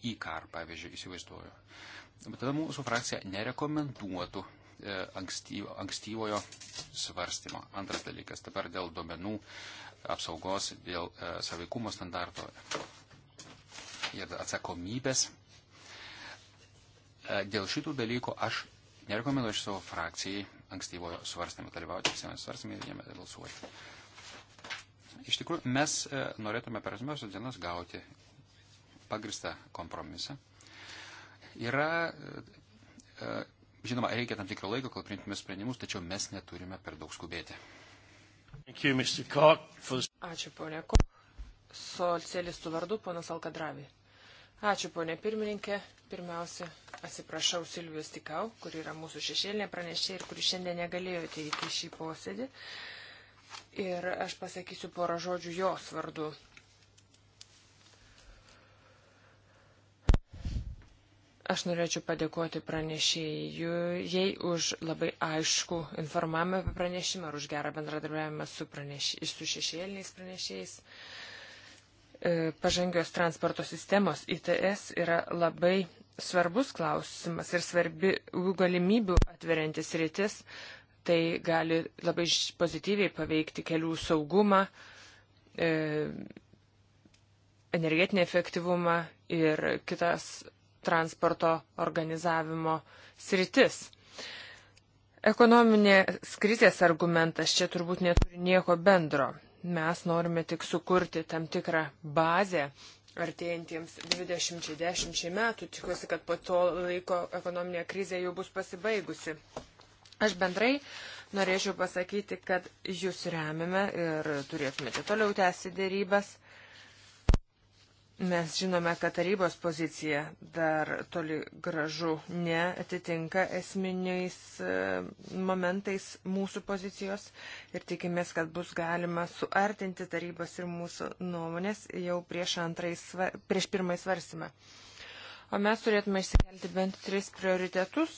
į kar, pavyzdžiui, įsivaizduoju, bet tada mūsų frakcija nerekomenduotų e, ankstyvo, ankstyvojo svarstymo. Antras dalykas dabar dėl duomenų apsaugos, dėl e, saveikumo standarto ir atsakomybės. E, dėl šitų dalykų aš nerekomenduoju savo frakcijai ankstyvojo svarstymo, dalyvauti ankstyvojo svarstymo ir jame balsuoti. Iš tikrųjų, mes e, norėtume per asmiausios dienas gauti pagristą kompromisą. Yra, e, e, žinoma, reikia tam tikro laiko, kol priimtume sprendimus, tačiau mes neturime per daug skubėti. Ačiū,
ponė Koch. Socialistų vardu, ponas Alkadravi. Ačiū, ponė pirmininkė. Pirmiausia, atsiprašau Silvijos Tikau, kur yra mūsų šešėlinė pranešė ir kuri šiandien negalėjo ateiti į šį posėdį. Ir aš pasakysiu porą žodžių jos vardu. Aš norėčiau padėkoti pranešėjai už labai aišku informavimą apie pranešimą ir už gerą bendradarbiavimą su, praneš... su šešėliniais pranešėjais. Uh, E, pažangios transporto sistemos ITS yra labai svarbus klausimas ir svarbi galimybių atveriantis rytis. Tai gali labai pozityviai paveikti kelių saugumą, e, energetinį efektyvumą ir kitas transporto organizavimo sritis. Ekonominės krizės argumentas čia turbūt neturi nieko bendro. Mes norime tik sukurti tam tikrą bazę artėjantiems 20-10 metų. Tikiuosi, kad po to laiko ekonominė krizė jau bus pasibaigusi. Aš bendrai norėčiau pasakyti, kad jūs remime ir turėtumėte toliau tęsti dėrybas. Mes žinome, kad tarybos pozicija dar toli gražu neatitinka esminiais e, momentais mūsų pozicijos ir tikimės, kad bus galima suartinti tarybos ir mūsų nuomonės jau prieš, antrais, prieš pirmąjį svarstymą. O mes turėtume išsikelti bent tris prioritetus,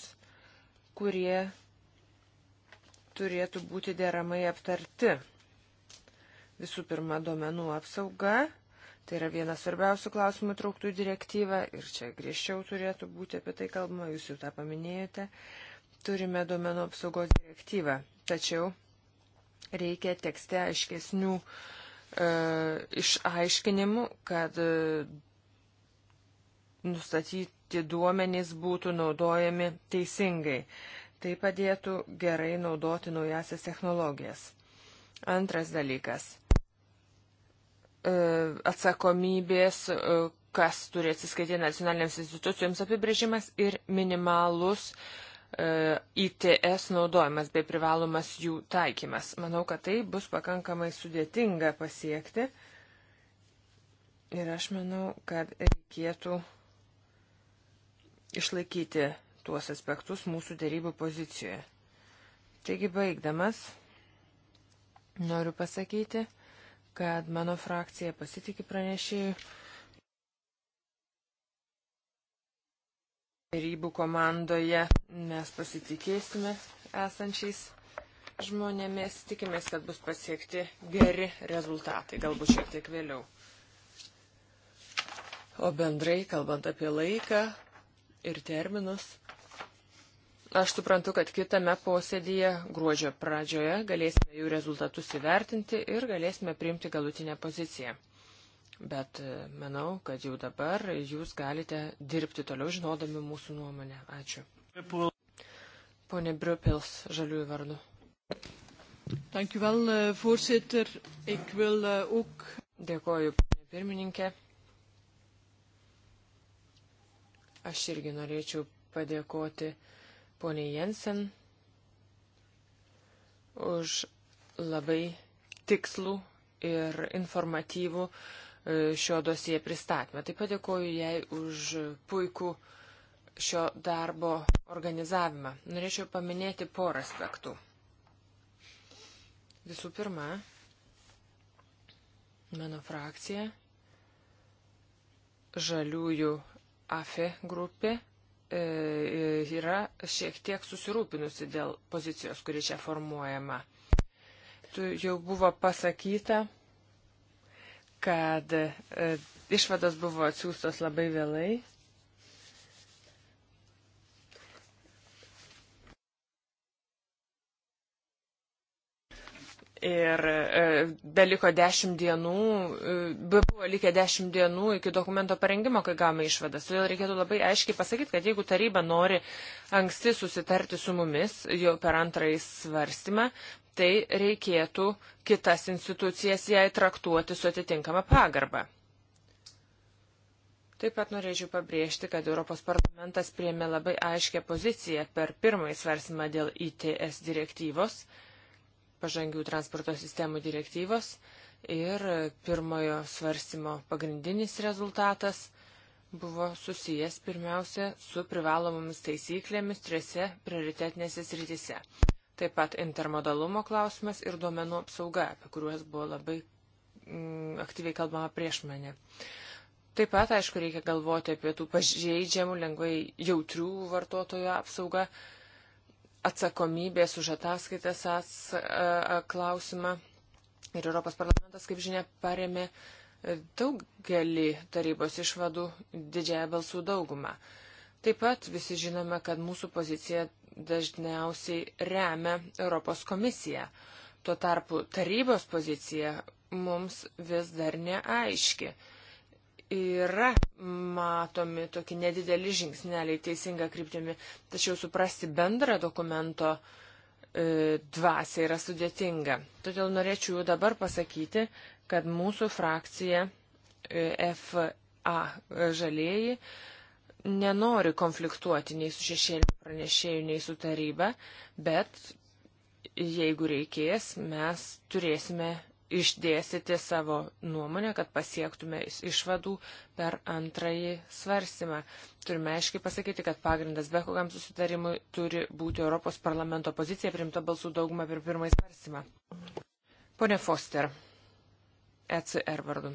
kurie turėtų būti deramai aptarti. Visų pirma, duomenų apsauga Tai yra vienas svarbiausių klausimų trauktų į direktyvą ir čia griežčiau turėtų būti apie tai kalbama, jūs jau tą paminėjote. Turime duomenų apsaugos direktyvą, tačiau reikia tekste aiškesnių e, išaiškinimų, kad e, nustatyti duomenys būtų naudojami teisingai. Tai padėtų gerai naudoti naujasias technologijas. Antras dalykas E, atsakomybės, e, kas turi atsiskaityti nacionalinėms institucijoms apibrėžimas ir minimalus e, ITS naudojimas bei privalomas jų taikymas. Manau, kad tai bus pakankamai sudėtinga pasiekti. Ir aš manau, kad reikėtų išlaikyti tuos aspektus mūsų dėrybų pozicijoje. Taigi, baigdamas, noriu pasakyti, kad mano frakcija pasitikė pranešėjų. Rybų komandoje mes pasitikėsime esančiais žmonėmis, tikimės, kad bus pasiekti geri rezultatai, galbūt šiek tiek vėliau. O bendrai, kalbant apie laiką ir terminus, Aš suprantu, kad kitame posėdėje gruodžio pradžioje galėsime jų rezultatus įvertinti ir galėsime priimti galutinę poziciją. Bet e, manau, kad jau dabar jūs galite dirbti toliau žinodami mūsų nuomonę. Ačiū. Pone Briupils, žaliųjų vardu. Dank u wel, eh, voorzitter. Ik wil eh, ook. Dėkoju, ponė pirmininkė. Aš irgi norėčiau padėkoti poniai Jensen už labai tikslų ir informatyvų e, šio dosie pristatymą. Taip pat dėkoju jai už puikų šio darbo organizavimą. Norėčiau paminėti porą aspektų. Visų pirma, mano frakcija, žaliųjų AFE grupė E, yra šiek tiek susirūpinusi dėl pozicijos, kuri čia formuojama. Tu jau buvo pasakyta, kad e, išvados buvo atsiūstos labai vėlai Ir e, beliko dešimt dienų, e, buvo likę dešimt dienų iki dokumento parengimo, kai gavome išvadas. Todėl reikėtų labai aiškiai pasakyti, kad jeigu taryba nori anksti susitarti su mumis jau per antrąjį svarstymą, tai reikėtų kitas institucijas jai traktuoti su atitinkama pagarba. Taip pat norėčiau pabrėžti, kad Europos parlamentas priėmė labai aiškę poziciją per pirmąjį svarstymą dėl ITS direktyvos pažangių transporto sistemų direktyvos ir pirmojo svarstymo pagrindinis rezultatas buvo susijęs pirmiausia su privalomomis taisyklėmis trise prioritetinėse srityse. Taip pat intermodalumo klausimas ir duomenų apsauga, apie kuriuos buvo labai mm, aktyviai kalbama prieš mane. Taip pat, aišku, reikia galvoti apie tų pažeidžiamų, lengvai jautrių vartotojų apsaugą atsakomybės už ataskaitas ats, a, e, a, e, klausimą. Ir Europos parlamentas, kaip žinia, paremė daugelį tarybos išvadų didžiąją balsų daugumą. Taip pat visi žinome, kad mūsų pozicija dažniausiai remia Europos komisija. Tuo tarpu tarybos pozicija mums vis dar neaiški yra matomi tokie nedideli žingsneliai teisinga kryptimi, tačiau suprasti bendrą dokumento e, dvasę yra sudėtinga. Todėl norėčiau jau dabar pasakyti, kad mūsų frakcija e, FA e, žalieji nenori konfliktuoti nei su šešėliu pranešėju, nei su taryba, bet jeigu reikės, mes turėsime išdėsite savo nuomonę, kad pasiektume išvadų per antrąjį svarstymą. Turime aiškiai pasakyti, kad pagrindas Bekogam susitarimui turi būti Europos parlamento pozicija primta balsų daugumą per pirmąjį svarstymą. Pone Foster, ECR vardu.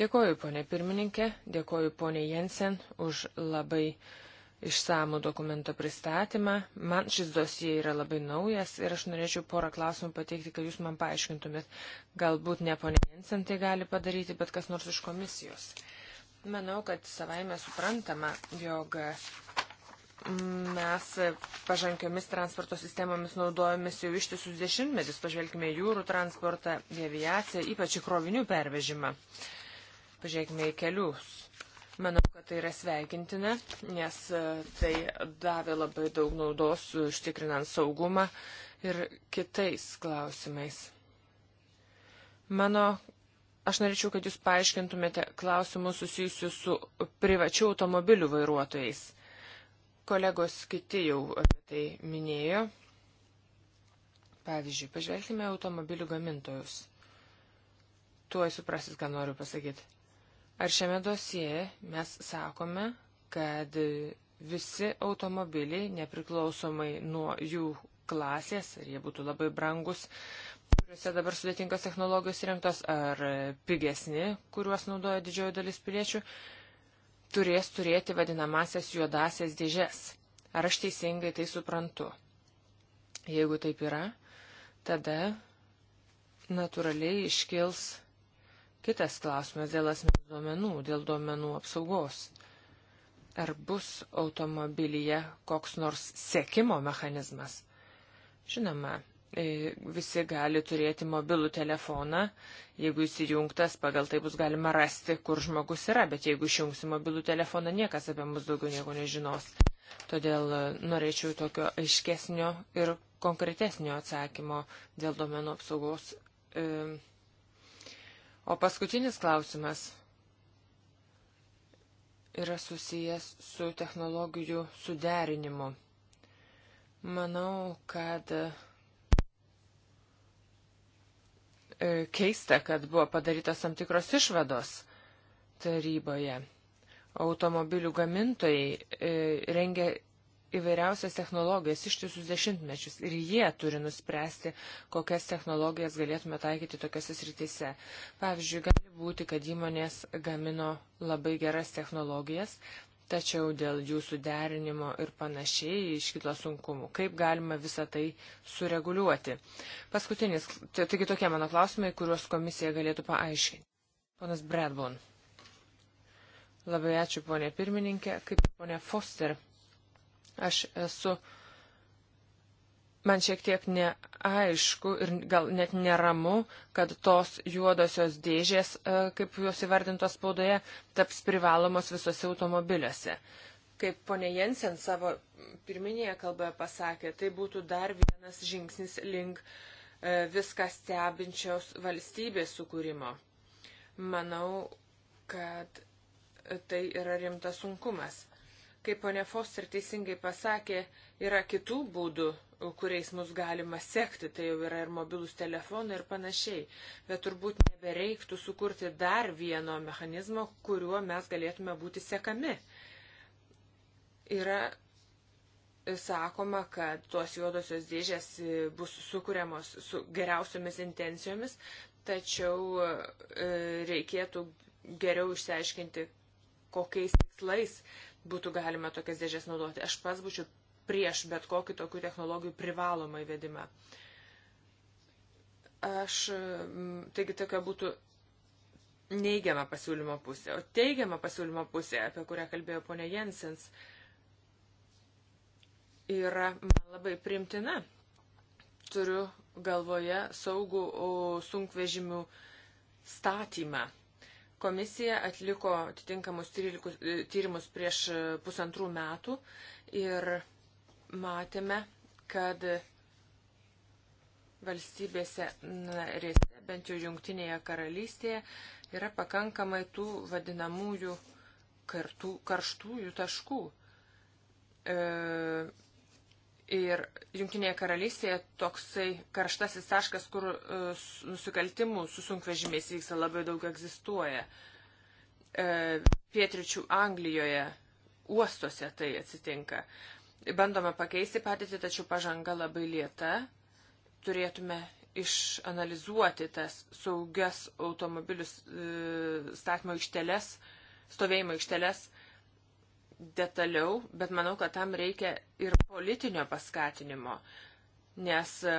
Dėkoju, ponė pirmininkė, dėkoju, ponė Jensen, už labai uh, išsamų dokumento pristatymą. Man šis dosija yra labai naujas ir aš norėčiau porą klausimų pateikti, kad jūs man paaiškintumėt. Galbūt ne ponė Jensen tai gali padaryti, bet kas nors iš komisijos. Manau, kad savaime suprantama, jog mes pažankiomis transporto sistemomis naudojomis jau ištisus dešimtmetis. Pažvelkime jūrų transportą, aviaciją, ypač į krovinių pervežimą. Pažiūrėkime į kelius Manau, kad tai yra sveikintina, nes e, tai davė labai daug naudos e, užtikrinant saugumą ir kitais klausimais. Mano, aš norėčiau, kad jūs paaiškintumėte klausimus susijusius su privačių automobilių vairuotojais. Kolegos kiti jau apie tai minėjo. Pavyzdžiui, pažvelkime automobilių gamintojus. Tuoj suprasit, ką noriu pasakyti Ar šiame dosije mes sakome, kad visi automobiliai, nepriklausomai nuo jų klasės, ar jie būtų labai brangus, kuriuose dabar sudėtingos technologijos įrengtos, ar pigesni, kuriuos naudoja didžioji dalis piliečių, turės turėti vadinamasias juodasias dėžes. Ar aš teisingai tai suprantu? Jeigu taip yra, tada natūraliai iškils Kitas klausimas dėl asmens duomenų, dėl duomenų apsaugos. Ar bus automobilyje koks nors sekimo mechanizmas? Žinoma, e, visi gali turėti mobilų telefoną, jeigu jis įjungtas, pagal tai bus galima rasti, kur žmogus yra, bet jeigu išjungsi mobilų telefoną, niekas apie mus daugiau nieko nežinos. Todėl e, norėčiau tokio aiškesnio ir konkretesnio atsakymo dėl domenų apsaugos e, O paskutinis klausimas yra susijęs su technologijų suderinimu. Manau, kad e, keista, kad buvo padarytos tam tikros išvados taryboje. Automobilių gamintojai e, rengia įvairiausias technologijas ištisus dešimtmečius ir jie turi nuspręsti, kokias technologijas galėtume taikyti tokiuose srityse. Pavyzdžiui, gali būti, kad įmonės gamino labai geras technologijas, tačiau dėl jų suderinimo ir panašiai iškilo sunkumų. Kaip galima visą tai sureguliuoti? Paskutinis, tai taigi tokie mano klausimai, kuriuos komisija galėtų paaiškinti. Ponas Bradbon. Labai ačiū, ponė pirmininkė. Kaip ponė Foster Aš esu. Man šiek tiek neaišku ir gal net neramu, kad tos juodosios dėžės, e, kaip jos įvardintos spaudoje, taps privalomos visose automobiliuose. Kaip ponė Jensen savo pirminėje kalboje pasakė, tai būtų dar vienas žingsnis link e, viską stebinčios valstybės sukūrimo. Manau, kad tai yra rimtas sunkumas. Kaip ponė Foster teisingai pasakė, yra kitų būdų, kuriais mus galima sekti, tai jau yra ir mobilus telefonai ir panašiai. Bet turbūt nebereiktų sukurti dar vieno mechanizmo, kuriuo mes galėtume būti sekami. Yra sakoma, kad tuos juodosios dėžės bus sukūriamos su geriausiomis intencijomis, tačiau e, reikėtų geriau išsiaiškinti, kokiais tikslais būtų galima tokias dėžės naudoti. Aš pats būčiau prieš bet kokį tokių technologijų privalomą įvedimą. Aš, taigi, tokia būtų neigiama pasiūlymo pusė. O teigiama pasiūlymo pusė, apie kurią kalbėjo ponė Jensens, yra man labai primtina. Turiu galvoje saugų sunkvežimių statymą. Komisija atliko atitinkamus e, tyrimus prieš e, pusantrų metų ir matėme, kad valstybėse narėse, bent jau jungtinėje karalystėje, yra pakankamai tų vadinamųjų kartų, karštųjų taškų. E, Ir Junktinėje karalystėje toksai karštasis taškas, kur uh, nusikaltimų su sunkvežimiais vyksta labai daug egzistuoja. Uh, e, pietričių Anglijoje, uostuose tai atsitinka. Bandoma pakeisti patirtį, tačiau pažanga labai lieta. Turėtume išanalizuoti tas saugias automobilius uh, statymo aikšteles, stovėjimo aikšteles, uh, detaliau, bet manau, kad tam reikia ir politinio paskatinimo, nes e,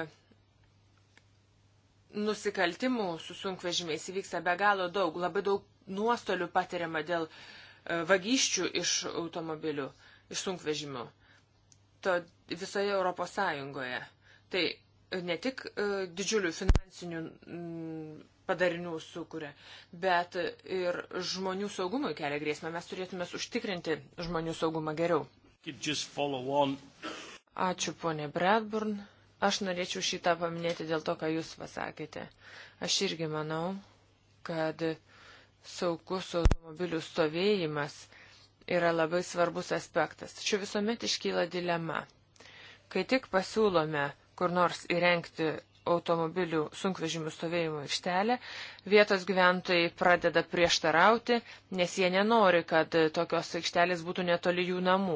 nusikaltimų su sunkvežimiais įvyksta be galo daug, labai daug nuostolių patiriama dėl e, vagysčių iš automobilių, iš sunkvežimių. To visoje Europos Sąjungoje. Tai ne tik e, didžiulių finansinių padarinių sukuria, bet ir žmonių saugumui kelia grėsmę. Mes turėtume užtikrinti žmonių saugumą geriau. Ačiū, ponė Bradburn. Aš norėčiau šitą paminėti dėl to, ką jūs pasakėte. Aš irgi manau, kad saugus automobilių stovėjimas yra labai svarbus aspektas. Tačiau visuomet iškyla dilema. Kai tik pasiūlome kur nors įrengti automobilių sunkvežimių stovėjimo aikštelė, vietos gyventojai pradeda prieštarauti, nes jie nenori, kad tokios aikštelės būtų netoli jų namų.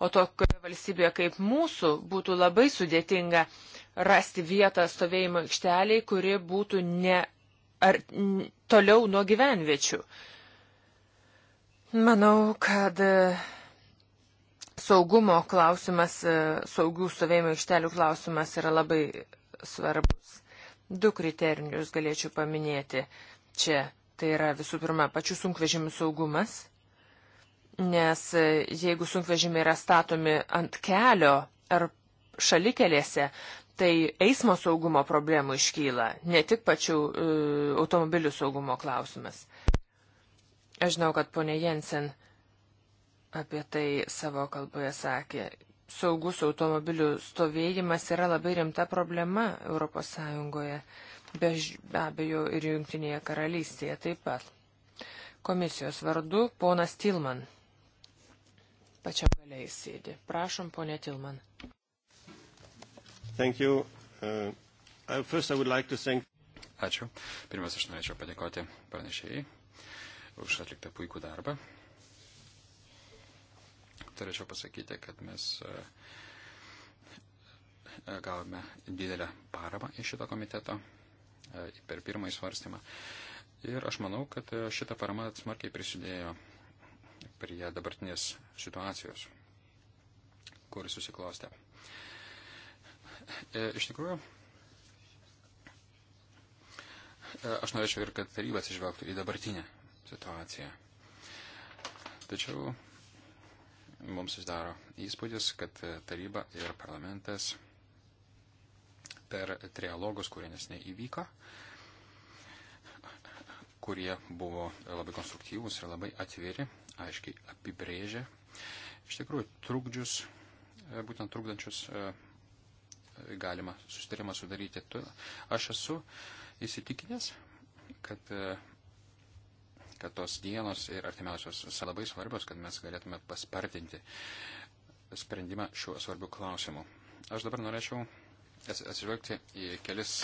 O tokioje valstybėje kaip mūsų būtų labai sudėtinga rasti vietą stovėjimo aikšteliai, kuri būtų ne ar, n, toliau nuo gyvenviečių. Manau, kad e, saugumo klausimas, e, saugių stovėjimo aikštelių klausimas yra labai svarbus. Du kriterinius galėčiau paminėti čia. Tai yra visų pirma pačių sunkvežimių saugumas, nes e, jeigu sunkvežimiai yra statomi ant kelio ar šalikelėse, tai eismo saugumo problemų iškyla, ne tik pačių e, automobilių saugumo klausimas. Aš žinau, kad ponė Jensen apie tai savo kalboje sakė saugus automobilių stovėjimas yra labai rimta problema Europos Sąjungoje, be abejo ir Junktinėje karalystėje taip pat. Komisijos vardu ponas Tilman. Pačiam galiai sėdi. Prašom, ponė Tilman.
Thank you. Uh,
first I would like to thank...
Ačiū. Pirmiausia, aš norėčiau padėkoti pranešėjai už atliktą puikų darbą turėčiau pasakyti, kad mes e, e, gavome didelę paramą iš šito komiteto e, per pirmąjį svarstymą. Ir aš manau, kad šita parama smarkiai prisidėjo prie dabartinės situacijos, kuris susiklostė. Iš tikrųjų, aš norėčiau ir, kad taryba atsižvelgtų į dabartinę situaciją. Tačiau mums susidaro įspūdis, kad taryba ir parlamentas per trialogus, kurie nesnei įvyko, kurie buvo labai konstruktyvūs ir labai atviri, aiškiai apibrėžė iš tikrųjų trukdžius, e, būtent trukdančius e, galima susitarimą sudaryti. Aš esu įsitikinęs, kad e, kad tos dienos ir artimiausios labai svarbios, kad mes galėtume paspartinti sprendimą šiuo svarbiu klausimu. Aš dabar norėčiau atsižvelgti į kelis,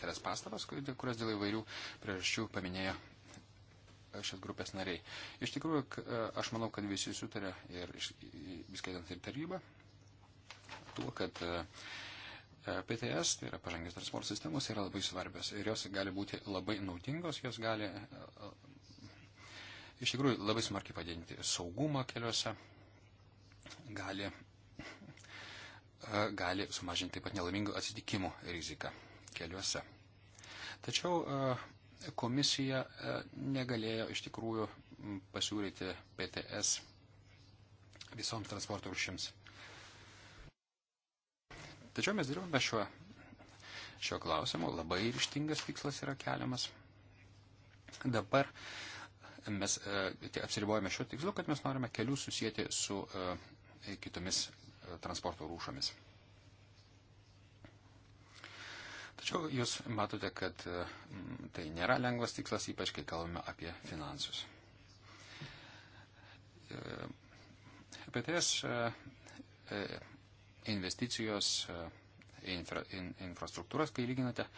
kelias pastabas, kurias dėl įvairių priežasčių paminėjo šios grupės nariai. Iš tikrųjų, aš manau, kad visi sutarė ir, viskaitant ir tarybą, tuo, kad PTS, tai yra pažangės transporto sistemos, yra labai svarbios ir jos gali būti labai naudingos, jos gali iš tikrųjų labai smarkiai padidinti saugumą keliuose, gali, e, gali sumažinti taip pat nelaimingų atsitikimų riziką keliuose. Tačiau e, komisija e, negalėjo iš tikrųjų pasiūlyti PTS visoms transporto rušims. Tačiau mes dirbame šiuo, šiuo klausimu, labai ryštingas tikslas yra keliamas. Dabar uh, mes e, tai apsiribojame šiuo tikslu, kad mes norime kelius susijęti su e, kitomis e, transporto rūšomis. Tačiau jūs matote, kad tai nėra lengvas tikslas, ypač kai kalbame apie finansus. PTS investicijos infra, in, infrastruktūras, kai lyginate,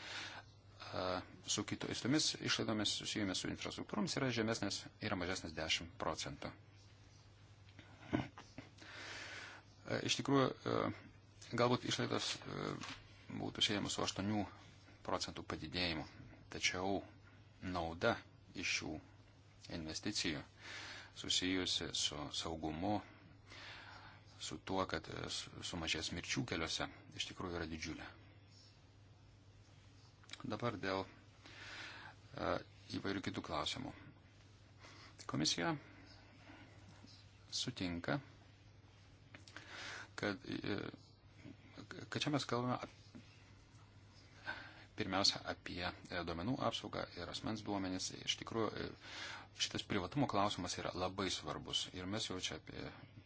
E, su kitomis išlaidomis susijomis su infrastruktūromis yra žemesnės, yra mažesnės 10 procentų. E, iš tikrųjų, e, galbūt išlaidos būtų šėjimas su 8 procentų padidėjimu, tačiau nauda iš šių investicijų susijusi su saugumu, su tuo, kad sumažės mirčių keliuose, iš tikrųjų yra didžiulė. Dabar dėl e, įvairių kitų klausimų. Komisija sutinka, kad, e, kad čia mes kalbame pirmiausia apie e, duomenų apsaugą ir asmens duomenis. Iš tikrųjų, šitas privatumo klausimas yra labai svarbus ir mes jau čia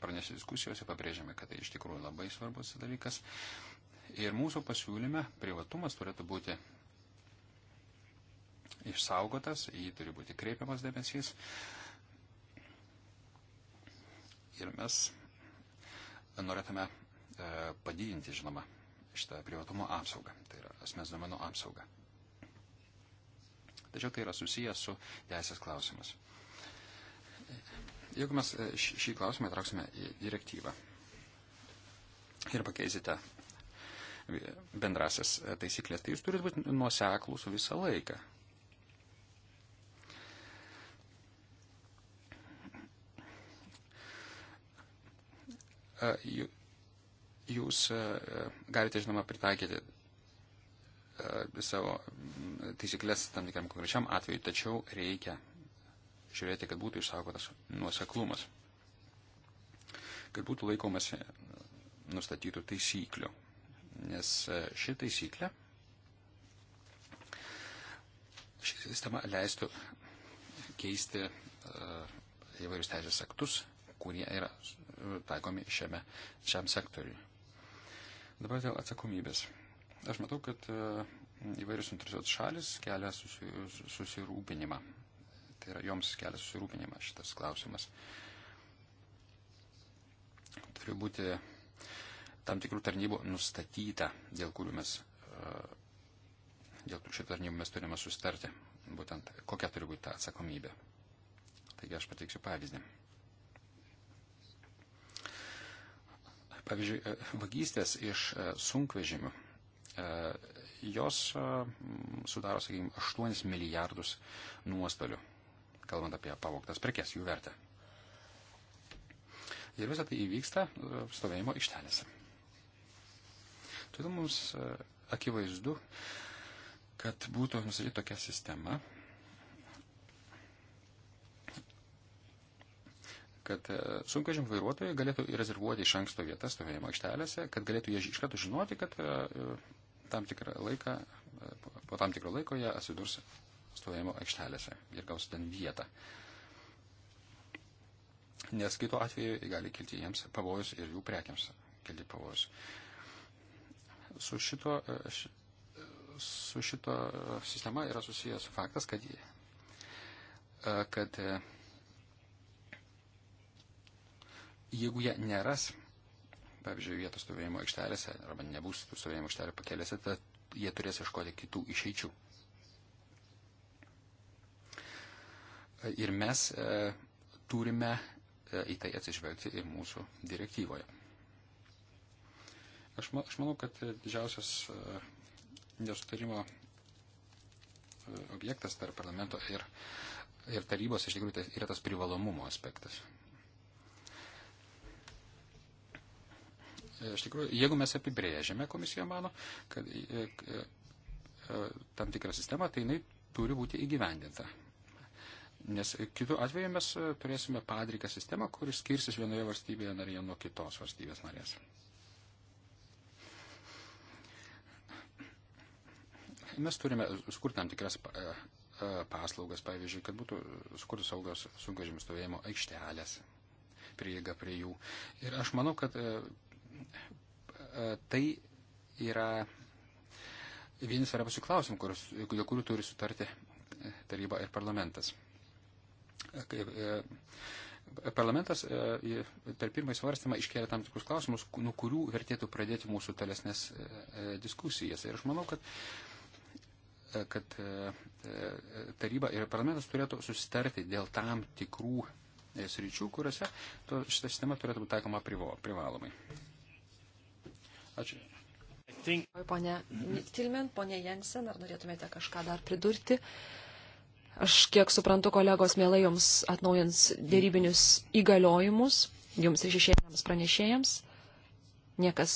pranešė diskusijose pabrėžėme, kad tai iš tikrųjų labai svarbus dalykas. Ir mūsų pasiūlyme privatumas turėtų būti išsaugotas, jį turi būti kreipiamas dėmesys. Ir mes norėtume e, padidinti, žinoma, šitą privatumo apsaugą, tai yra asmens duomenų apsaugą. Tačiau tai yra susijęs su teisės klausimas. Jeigu mes e, šį klausimą įtrauksime į direktyvą ir pakeisite bendrasias e, taisyklės, tai jūs turite būti nuoseklus visą laiką. Jūs galite, žinoma, pritaikyti savo taisyklės tam tikram konkrečiam atveju, tačiau reikia žiūrėti, kad būtų išsaugotas nuoseklumas, kad būtų laikomasi nustatytų taisyklių. Nes ši taisyklė, ši sistema leistų keisti įvairius teisės aktus, kurie yra taikomi šiame, šiam sektoriui. Dabar dėl atsakomybės. Aš matau, kad e, įvairius interesuotas šalis kelia susirūpinimą. Tai yra, joms kelia susirūpinimą šitas klausimas. Turi būti tam tikrų tarnybų nustatyta, dėl kurių mes, e, dėl šių tarnybų mes turime sustarti, būtent kokia turi būti ta atsakomybė. Taigi aš pateiksiu pavyzdį. Pavyzdžiui, e, vagystės iš e, sunkvežimių, e, jos sudaro, sakykime, 8 milijardus nuostolių, kalbant apie pavogtas prekes, jų vertę. Ir visą tai įvyksta stovėjimo ištelėse. Todėl mums akivaizdu, kad būtų nusidėta tokia sistema, kad e, sunkvežim vairuotojai galėtų rezervuoti iš anksto vietas stovėjimo aikštelėse, kad galėtų jie iš karto žinoti, kad e, tam tikrą laiką, e, po tam tikro laiko jie atsidurs stovėjimo aikštelėse ir gaus ten vietą. Nes kitu atveju gali kilti jiems pavojus ir jų prekiams kilti pavojus. Su šito, su šito sistema yra susijęs faktas, kad, kad jeigu jie neras, pavyzdžiui, vietos stovėjimo aikštelėse arba nebus stovėjimo aikštelė pakelėse, tad jie turės ieškoti kitų išeičių. Ir mes e, turime e, į tai atsižvelgti ir mūsų direktyvoje. Aš, ma, aš manau, kad didžiausias e, nesutarimo e, objektas tarp parlamento ir, ir tarybos iš tikrųjų tai yra tas privalomumo aspektas. E, iš tikrųjų, jeigu mes apibrėžiame, komisija mano, kad e, e, tam tikrą sistemą, tai jinai turi būti įgyvendinta. Nes kitų atveju mes turėsime padriką sistemą, kuris skirsis vienoje valstybėje narėje nuo kitos valstybės narės. Mes turime sukurti tam tikras paslaugas, pavyzdžiui, kad būtų sukurti saugios sunkvežimių stovėjimo aikštelės, prieiga prie jų. Ir aš manau, kad E, tai yra vienas svarbiausių klausimų, dėl kurių turi sutarti taryba ir parlamentas. E, Kaip, e, parlamentas per pirmąjį svarstymą iškėlė tam tikrus klausimus, nuo kurių vertėtų pradėti mūsų tolesnės diskusijas. Ir aš manau, kad kad taryba ir parlamentas turėtų susitarti dėl tam tikrų sričių, kuriuose šita sistema turėtų būti taikoma privalomai. Ačiū. Think...
Pone Tilmen, ponė Jensen, ar norėtumėte kažką dar pridurti? Aš kiek suprantu, kolegos mielai jums atnaujins dėrybinius įgaliojimus, jums ir šešėjams pranešėjams. Niekas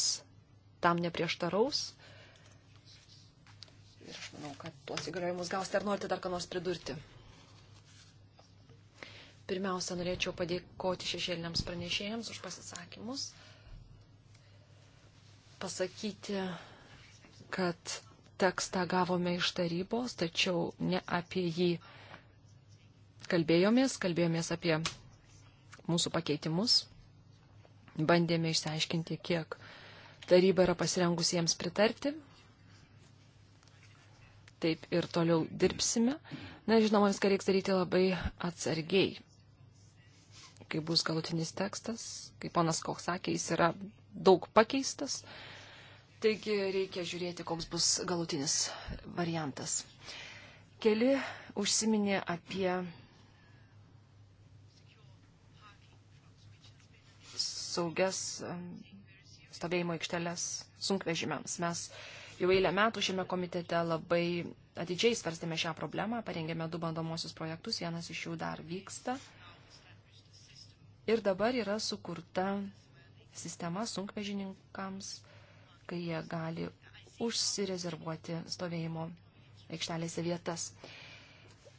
tam neprieštaraus. Ir aš manau, kad tuos įgaliojimus gausite. Ar norite dar ką nors pridurti? Pirmiausia, norėčiau padėkoti šešėliniams pranešėjams už pasisakymus pasakyti, kad tekstą gavome iš tarybos, tačiau ne apie jį kalbėjomės, kalbėjomės apie mūsų pakeitimus, bandėme išsiaiškinti, kiek taryba yra pasirengusi jiems pritarti. Taip ir toliau dirbsime. Na, žinoma, viską reiks daryti labai atsargiai. Kai bus galutinis tekstas, kaip ponas Koch sakė, jis yra daug pakeistas. Taigi reikia žiūrėti, koks bus galutinis variantas. Keli užsiminė apie saugias um, stovėjimo aikšteles sunkvežimiams. Mes jau eilę metų šiame komitete labai atidžiai svarstėme šią problemą, parengėme du bandomosius projektus, vienas iš jų dar vyksta. Ir dabar yra sukurta sistema sunkvežininkams, kai jie gali užsirezervuoti stovėjimo aikštelėse vietas.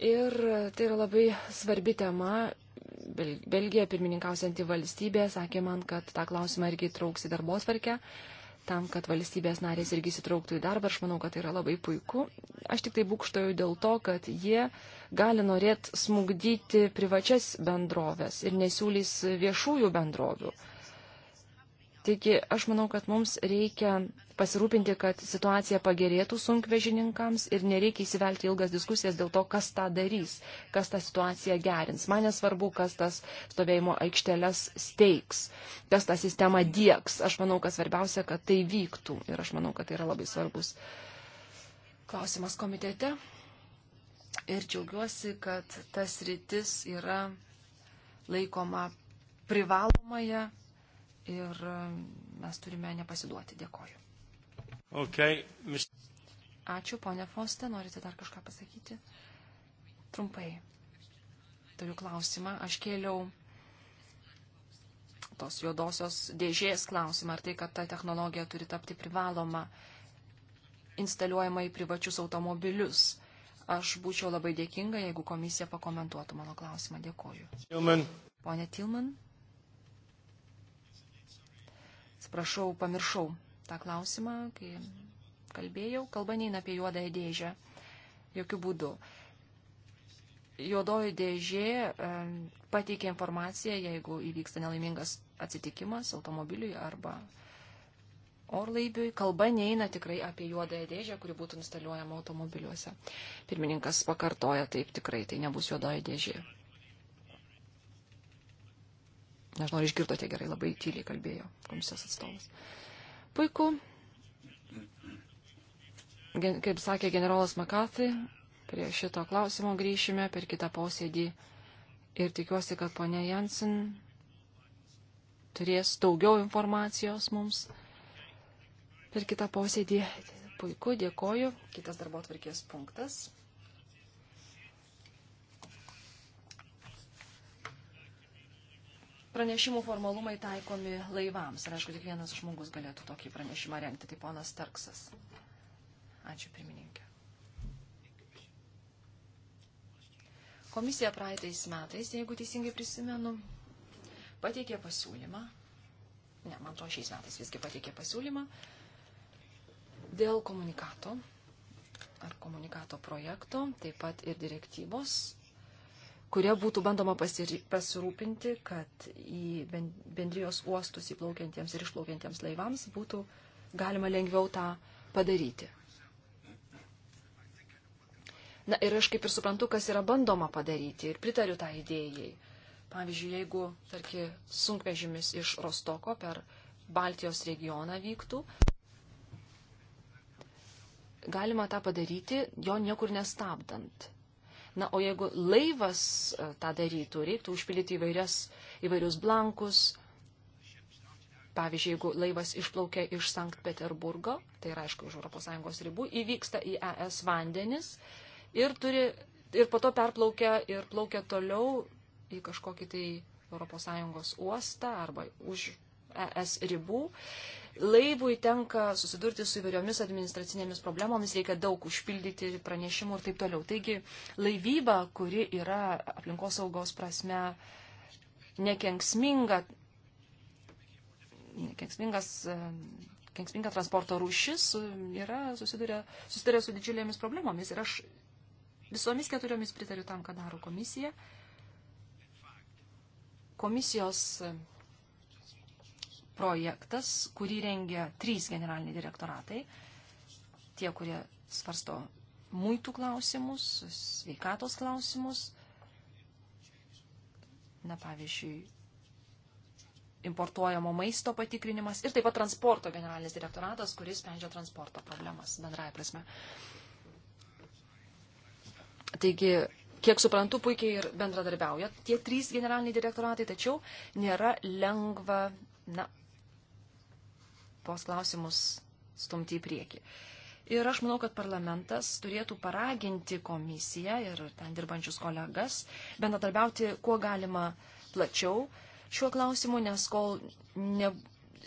Ir tai yra labai svarbi tema. Belgija pirmininkausianti valstybė sakė man, kad tą klausimą irgi trauks į darbos varkę, tam, kad valstybės narės irgi įsitrauktų į darbą. Aš manau, kad tai yra labai puiku. Aš tik tai būkštoju dėl to, kad jie gali norėt smugdyti privačias bendrovės ir nesiūlys viešųjų bendrovių. Taigi aš manau, kad mums reikia pasirūpinti, kad situacija pagerėtų sunkvežininkams ir nereikia įsivelti ilgas diskusijas dėl to, kas tą darys, kas tą situaciją gerins. Man nesvarbu, kas tas stovėjimo aikšteles steiks, kas tą sistemą dieks. Aš manau, kad svarbiausia, kad tai vyktų ir aš manau, kad tai yra labai svarbus klausimas komitete. Ir džiaugiuosi, kad tas rytis yra laikoma privalomąją ir um, mes turime nepasiduoti. Dėkoju.
Okay, mis...
Ačiū, ponė Foste, norite dar kažką pasakyti? Trumpai. Turiu klausimą. Aš kėliau tos juodosios dėžės klausimą, ar tai, kad ta technologija turi tapti privaloma, instaliuojama į privačius automobilius. Aš būčiau labai dėkinga, jeigu komisija pakomentuotų mano klausimą. Dėkoju. Tilman. Pone Tilman. Sprašau, pamiršau tą klausimą, kai kalbėjau. Kalba neina apie juodąją dėžę. Jokių būdų. Juodoji dėžė e, pateikia informaciją, jeigu įvyksta nelaimingas atsitikimas automobiliui arba orlaiviui. Kalba neina tikrai apie juodąją dėžę, kuri būtų instaliuojama automobiliuose. Pirmininkas pakartoja, taip tikrai tai nebus juodoji dėžė. Nežinau, ar išgirdote gerai, labai tyliai kalbėjo komisijos atstovas. Puiku. Gen, kaip sakė generolas Makathy, prie šito klausimo grįšime per kitą posėdį ir tikiuosi, kad ponia Jansin turės daugiau informacijos mums per kitą posėdį. Puiku, dėkoju. Kitas darbo atvarkės punktas. pranešimų formalumai taikomi laivams. Ir aišku, tik vienas žmogus galėtų tokį pranešimą renkti, tai ponas Tarksas. Ačiū, pirmininkė. Komisija praeitais metais, jeigu teisingai prisimenu, pateikė pasiūlymą, ne, man atrodo, šiais metais visgi pateikė pasiūlymą dėl komunikato ar komunikato projekto, taip pat ir direktyvos kuria būtų bandoma pasirūpinti, kad į bendrijos uostus įplaukiantiems ir išplaukiantiems laivams būtų galima lengviau tą padaryti. Na ir aš kaip ir suprantu, kas yra bandoma padaryti ir pritariu tą tai idėjai. Pavyzdžiui, jeigu, tarki, sunkvežimis iš Rostoko per Baltijos regioną vyktų, galima tą padaryti, jo niekur nestabdant. Na, o jeigu laivas e, tą darytų, reiktų užpildyti įvairias, įvairius blankus. Pavyzdžiui, jeigu laivas išplaukia iš Sankt Peterburgo, tai yra aišku už ES ribų, įvyksta į ES vandenis ir, turi, ir po to perplaukia ir plaukia toliau į kažkokį tai ES uostą arba už ES ribų. Laivui tenka susidurti su įvairiomis administracinėmis problemomis, reikia daug užpildyti pranešimų ir taip toliau. Taigi laivyba, kuri yra aplinkos saugos prasme nekenksminga, nekenksmingas kenksminga transporto rūšis yra susiduria, susiduria su didžiulėmis problemomis. Ir aš visomis keturiomis pritariu tam, ką daro komisija. Komisijos projektas, kurį rengia trys generaliniai direktoratai. Tie, kurie svarsto muitų klausimus, sveikatos klausimus. Na, pavyzdžiui, importuojamo maisto patikrinimas ir taip pat transporto generalinis direktoratas, kuris sprendžia transporto problemas bendraja prasme. Taigi, kiek suprantu, puikiai ir bendradarbiauja tie trys generaliniai direktoratai, tačiau nėra lengva na, tuos klausimus stumti į priekį. Ir aš manau, kad parlamentas turėtų paraginti komisiją ir ten dirbančius kolegas bendradarbiauti kuo galima plačiau šiuo klausimu, nes kol ne,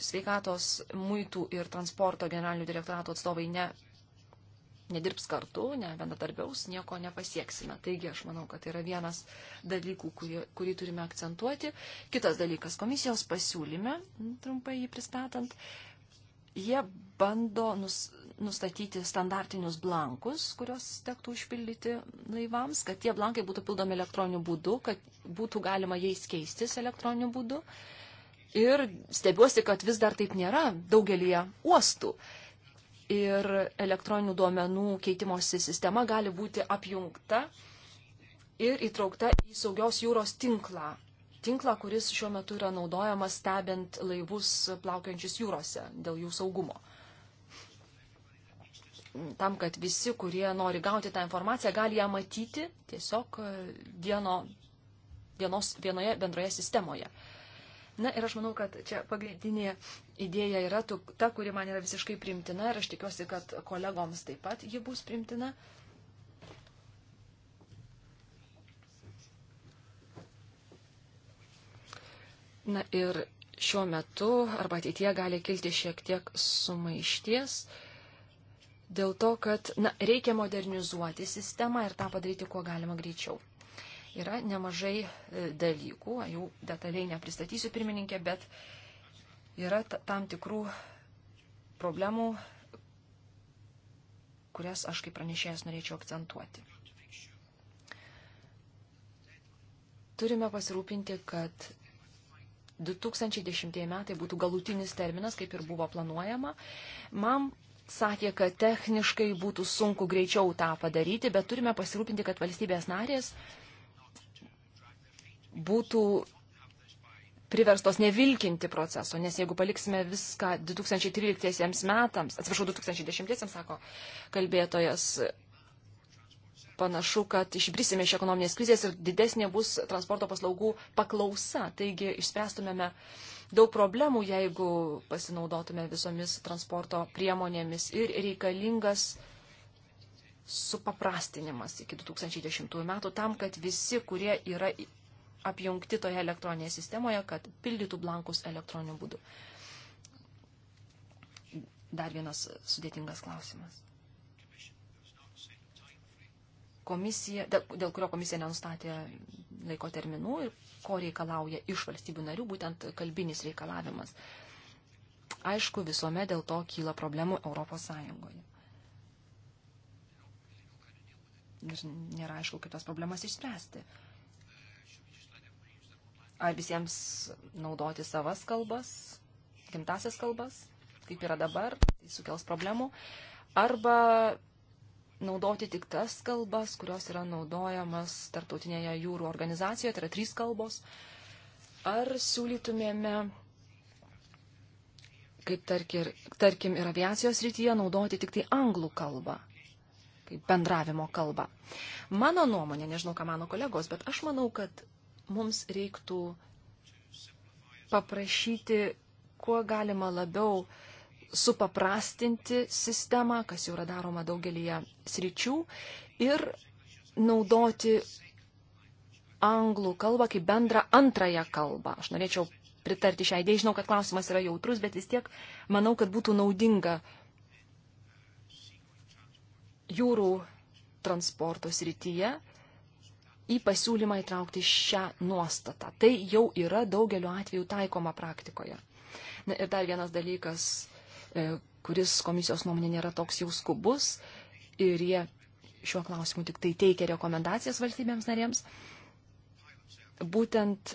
sveikatos muitų ir transporto generalinių direktorato atstovai ne, nedirbs kartu, ne bendradarbiaus, nieko nepasieksime. Taigi aš manau, kad tai yra vienas dalykų, kurį, kurį turime akcentuoti. Kitas dalykas komisijos pasiūlyme, trumpai jį pristatant, Jie bando nus, nustatyti standartinius blankus, kuriuos tektų užpildyti laivams, kad tie blankai būtų pildomi elektroniniu būdu, kad būtų galima jais keistis elektroniniu būdu. Ir stebiuosi, kad vis dar taip nėra daugelie uostų. Ir elektroninių duomenų keitimosi sistema gali būti apjungta ir įtraukta į saugios jūros tinklą tinklą, kuris šiuo metu yra naudojamas stebint laivus plaukiančius jūrose dėl jų saugumo. Tam, kad visi, kurie nori gauti tą informaciją, gali ją matyti tiesiog dieno, e, dienos vienoje bendroje sistemoje. Na ir aš manau, kad čia pagrindinė idėja yra ta, kuri man yra visiškai primtina ir aš tikiuosi, kad kolegoms taip pat ji bus primtina. Uh, Na ir šiuo metu arba ateitie gali kilti šiek tiek sumaišties dėl to, kad na, reikia modernizuoti sistemą ir tą padaryti kuo galima greičiau. Yra nemažai e, dalykų, jų detaliai nepristatysiu pirmininkė, bet yra tam tikrų problemų, kurias aš kaip pranešėjas norėčiau akcentuoti. Turime pasirūpinti, kad 2010 metai būtų galutinis terminas, kaip ir buvo planuojama. Man sakė, kad techniškai būtų sunku greičiau tą padaryti, bet turime pasirūpinti, kad valstybės narės būtų priverstos nevilkinti proceso, nes jeigu paliksime viską 2013 metams, atsiprašau, 2010, sako kalbėtojas, panašu, kad išbrisime iš ekonominės krizės ir didesnė bus transporto paslaugų paklausa. Taigi išspręstumėme daug problemų, jeigu pasinaudotume visomis transporto priemonėmis ir reikalingas supaprastinimas iki 2010 metų tam, kad visi, kurie yra apjungti toje elektroninėje sistemoje, kad pildytų blankus elektroniniu būdu. Dar vienas sudėtingas klausimas komisija, dėl kurio komisija nenustatė laiko terminų ir ko reikalauja iš valstybių narių, būtent kalbinis reikalavimas. Aišku, visuomet dėl to kyla problemų Europos Sąjungoje. Ir nėra aišku, kitos problemas išspręsti. Ar visiems naudoti savas kalbas, gimtasias kalbas, kaip yra dabar, tai sukels problemų. Arba naudoti tik tas kalbas, kurios yra naudojamas tarptautinėje jūrų organizacijoje, tai yra trys kalbos. Ar siūlytumėme, kaip tarkir, tarkim ir aviacijos rytyje, naudoti tik tai anglų kalbą, kaip bendravimo kalbą? Mano nuomonė, nežinau, ką mano kolegos, bet aš manau, kad mums reiktų paprašyti, kuo galima labiau uh, supaprastinti sistemą, kas jau yra daroma daugelįje sričių, ir naudoti anglų kalbą kaip bendrą antrąją kalbą. Aš norėčiau pritarti šią idėją, žinau, kad klausimas yra jautrus, bet vis tiek manau, kad būtų naudinga jūrų transporto srityje į pasiūlymą įtraukti šią nuostatą. Tai jau yra daugeliu atveju taikoma praktikoje. Na, ir dar vienas dalykas E, kuris komisijos nuomonė nėra toks jau skubus ir jie šiuo klausimu tik tai teikia rekomendacijas valstybėms narėms. Būtent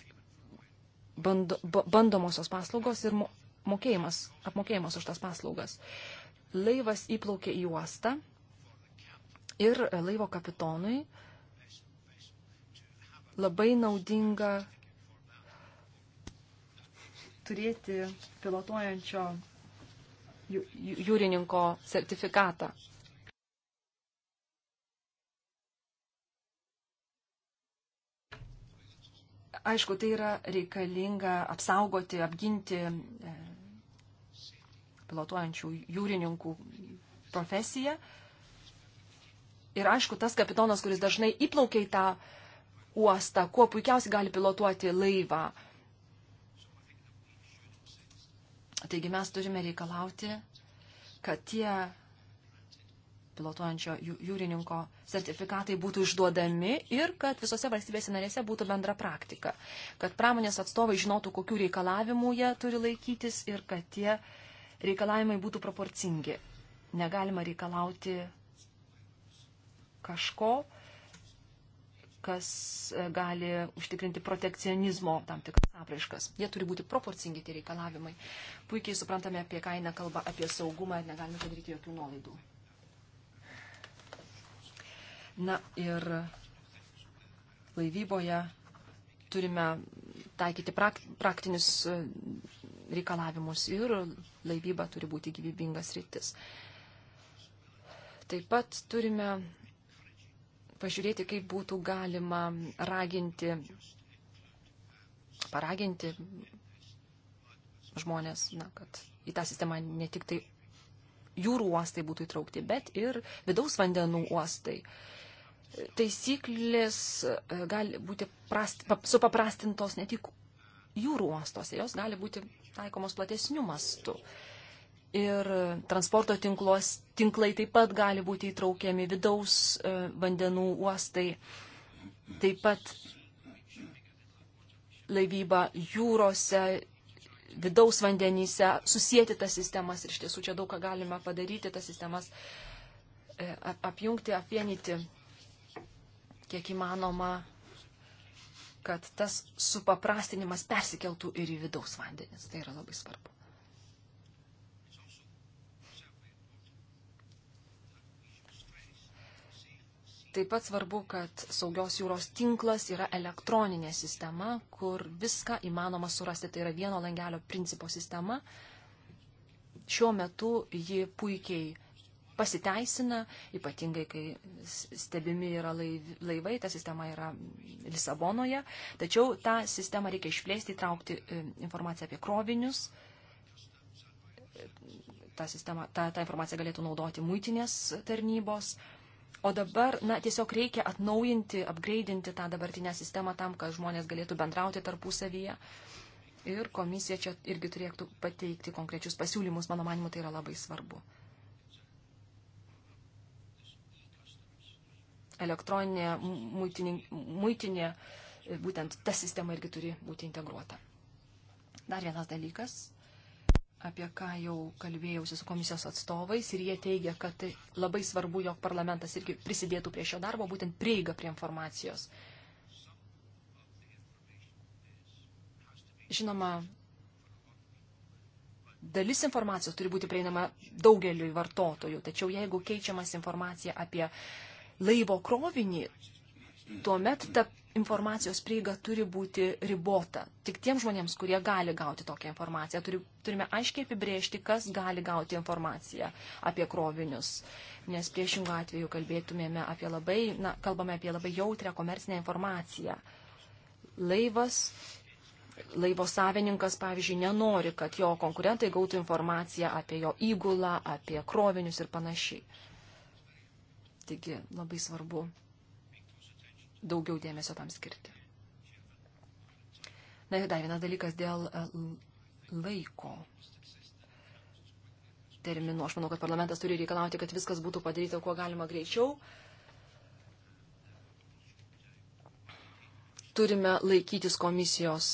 bando, bandomosios paslaugos ir mokėjimas, apmokėjimas už tas paslaugas. Laivas įplaukė į uostą ir laivo kapitonui labai naudinga turėti pilotuojančio jūrininko sertifikatą. Aišku, tai yra reikalinga apsaugoti, apginti e, pilotuojančių jūrininkų profesiją. Ir aišku, tas kapitonas, kuris dažnai įplaukia į tą uostą, kuo puikiausiai gali pilotuoti laivą, uh, Taigi mes turime reikalauti, kad tie pilotuojančio jūrininko sertifikatai būtų išduodami ir kad visose valstybėse narėse būtų bendra praktika, kad pramonės atstovai žinotų, kokių reikalavimų jie turi laikytis ir kad tie reikalavimai būtų proporcingi. Negalima reikalauti kažko, kas e, gali užtikrinti protekcionizmo tam tikras apraiškas. Jie turi būti proporcingi tie reikalavimai. Puikiai suprantame, apie ką eina kalba, apie saugumą ir negalime padaryti jokių nuolaidų. Na ir laivyboje turime taikyti praktinius e, reikalavimus ir laivyba turi būti gyvybingas rytis. Taip pat turime pažiūrėti, kaip būtų galima raginti, paraginti žmonės, na, kad į tą sistemą ne tik tai jūrų uostai būtų įtraukti, bet ir vidaus vandenų uostai. Taisyklės e, gali būti prast, supaprastintos ne tik jūrų uostose, jos gali būti taikomos platesnių mastų ir transporto tinklos, tinklai taip pat gali būti įtraukiami vidaus e, vandenų uostai, taip pat laivybą jūrose, vidaus vandenyse, susijęti tas sistemas ir iš tiesų čia daug ką galime padaryti, tas sistemas e, apjungti, apvienyti, kiek įmanoma, kad tas supaprastinimas persikeltų ir į vidaus vandenis. Tai yra labai svarbu. Taip pat svarbu, kad saugios jūros tinklas yra elektroninė sistema, kur viską įmanoma surasti. Tai yra vieno langelio principo sistema. Šiuo metu ji puikiai pasiteisina, ypatingai kai stebimi yra laivai, ta sistema yra Lisabonoje. Tačiau tą sistemą reikia išplėsti, įtraukti e, informaciją apie krovinius. Ta, sistema, ta, ta informacija galėtų naudoti muitinės tarnybos. O dabar, na, tiesiog reikia atnaujinti, apgreidinti tą dabartinę sistemą tam, kad žmonės galėtų bendrauti tarpusavyje. Ir komisija čia irgi turėtų pateikti konkrečius pasiūlymus, mano manimu, tai yra labai svarbu. Elektroninė muitinė, muitinė būtent ta sistema irgi turi būti integruota. Dar vienas dalykas apie ką jau kalbėjausi su komisijos atstovais ir jie teigia, kad tai labai svarbu, jog parlamentas irgi prisidėtų prie šio darbo, būtent prieiga prie informacijos. Žinoma, dalis informacijos turi būti prieinama daugeliui vartotojų, tačiau jeigu keičiamas informacija apie laivo krovinį, tuomet ta informacijos prieiga turi būti ribota. Tik tiem žmonėms, kurie gali gauti tokią informaciją, turi, turime aiškiai apibrėžti, kas gali gauti informaciją apie krovinius. Nes priešingų atveju kalbėtumėme apie labai, na, kalbame apie labai jautrę komercinę informaciją. Laivas, laivo savininkas, pavyzdžiui, nenori, kad jo konkurentai gautų informaciją apie jo įgulą, apie krovinius ir panašiai. Taigi labai svarbu daugiau dėmesio tam skirti. Na ir dar vienas dalykas dėl e, laiko terminų. Aš manau, kad parlamentas turi reikalauti, kad viskas būtų padaryta kuo galima greičiau. Turime laikytis komisijos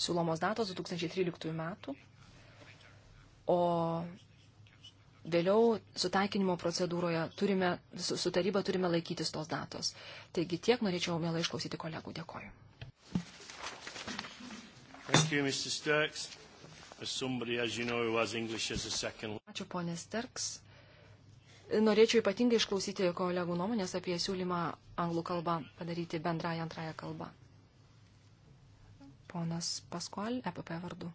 siūlomos datos 2013 metų, o vėliau sutaikinimo procedūroje turime, su, su taryba turime laikytis tos datos. Taigi tiek norėčiau mielai išklausyti kolegų. Dėkoju.
You, as somebody, as you know, second...
Ačiū, ponė Sterks. Norėčiau ypatingai išklausyti kolegų nuomonės apie siūlymą anglų kalbą padaryti bendrąją antrąją kalbą. Ponas Paskual, EPP vardu.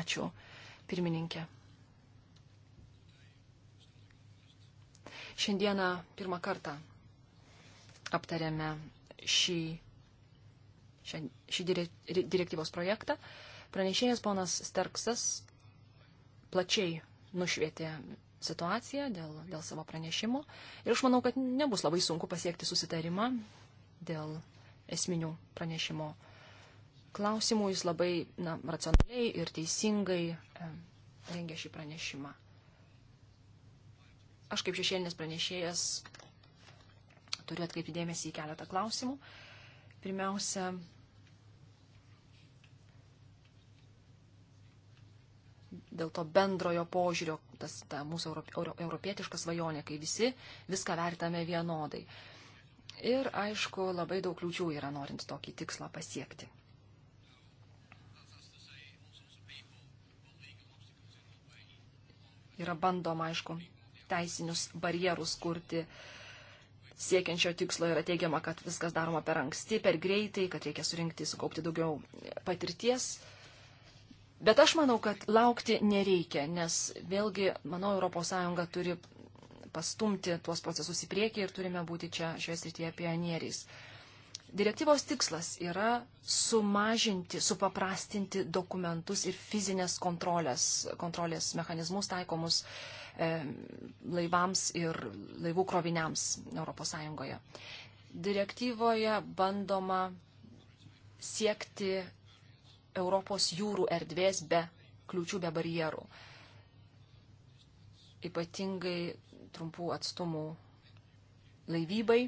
Ačiū pirmininkė. Šiandieną pirmą kartą aptarėme šį, šį, šį direktyvos projektą. Pranešėjas ponas Sterksas plačiai nušvietė situaciją dėl, dėl savo pranešimo ir aš manau, kad nebus labai sunku pasiekti susitarimą dėl esminių pranešimo projektų klausimų, jis labai na, racionaliai ir teisingai e, rengia šį pranešimą. Aš kaip šešėlinis pranešėjas turiu atkreipti dėmesį į keletą klausimų. Pirmiausia, dėl to bendrojo požiūrio, tas ta mūsų europietiška svajonė, kai visi viską vertame vienodai. Ir aišku, labai daug kliūčių yra norint tokį tikslą pasiekti. yra bandoma, aišku, teisinius barjerus kurti siekiančio tikslo yra teigiama, kad viskas daroma per anksti, per greitai, kad reikia surinkti, sukaupti daugiau patirties. Bet aš manau, kad laukti nereikia, nes vėlgi, manau, ES turi pastumti tuos procesus į priekį ir turime būti čia šioje srityje pionieriais. Direktyvos tikslas yra sumažinti, supaprastinti dokumentus ir fizinės kontrolės, kontrolės mechanizmus taikomus e, laivams ir laivų kroviniams ES. Direktyvoje bandoma siekti Europos jūrų erdvės be kliūčių, be barjerų. Ypatingai trumpų atstumų laivybai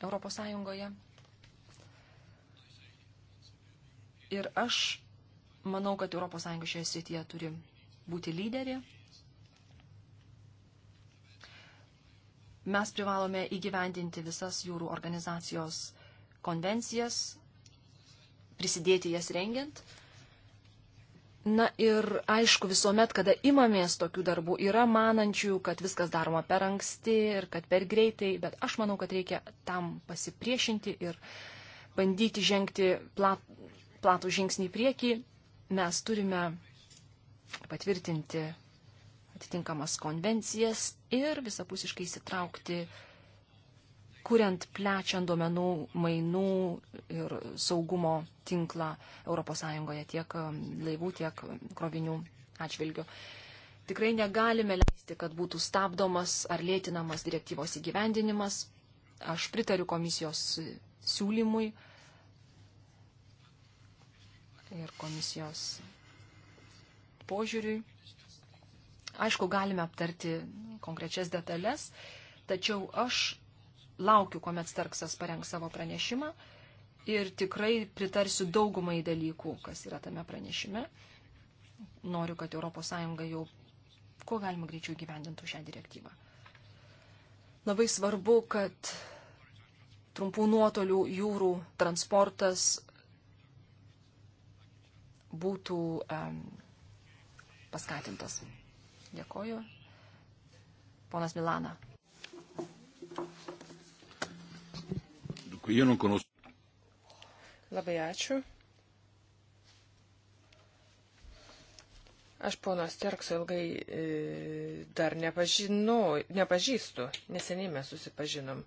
Europos Sąjungoje. Ir aš manau, kad Europos Sąjunga šioje srityje turi būti lyderė. Mes privalome įgyvendinti visas jūrų organizacijos konvencijas, prisidėti jas rengiant. Na ir aišku, visuomet, kada imamės tokių darbų, yra manančių, kad viskas daroma per anksti ir kad per greitai, bet aš manau, kad reikia tam pasipriešinti ir bandyti žengti plat, platų žingsnį į priekį. Mes turime patvirtinti atitinkamas konvencijas ir visapusiškai įsitraukti kuriant plečiant duomenų mainų ir saugumo tinklą ES tiek um, laivų, tiek um, krovinių atžvilgių. Tikrai negalime leisti, kad būtų stabdomas ar lėtinamas direktyvos įgyvendinimas. Aš pritariu komisijos siūlymui ir komisijos požiūriui. Aišku, galime aptarti konkrečias detalės, tačiau aš laukiu, kuomet Starksas parengs savo pranešimą ir tikrai pritarsiu daugumai dalykų, kas yra tame pranešime. Noriu, kad ES jau kuo galima greičiau gyvendintų šią direktyvą. Labai svarbu, kad trumpų nuotolių jūrų transportas būtų um, paskatintas. Dėkoju. Ponas Milana.
io non conosco.
Labai ačiū. Aš ponas Terkso ilgai e, dar nepažinu, nepažįstu, neseniai mes susipažinom.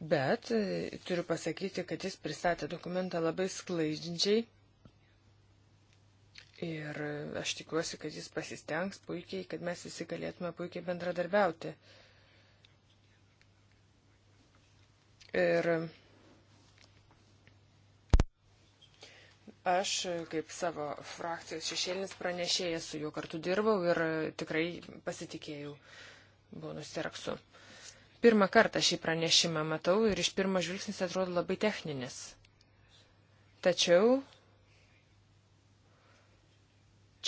Bet e, turiu pasakyti, kad jis pristatė dokumentą labai sklaidžiai ir e, aš tikiuosi, kad jis pasistengs puikiai, kad mes visi galėtume puikiai bendradarbiauti. E, Ir aš, kaip savo frakcijos šešėlinis pranešėjas, su juo kartu dirbau ir tikrai pasitikėjau bonus terksu. Pirmą kartą šį pranešimą matau ir iš pirmo žvilgsnis atrodo labai techninis. Tačiau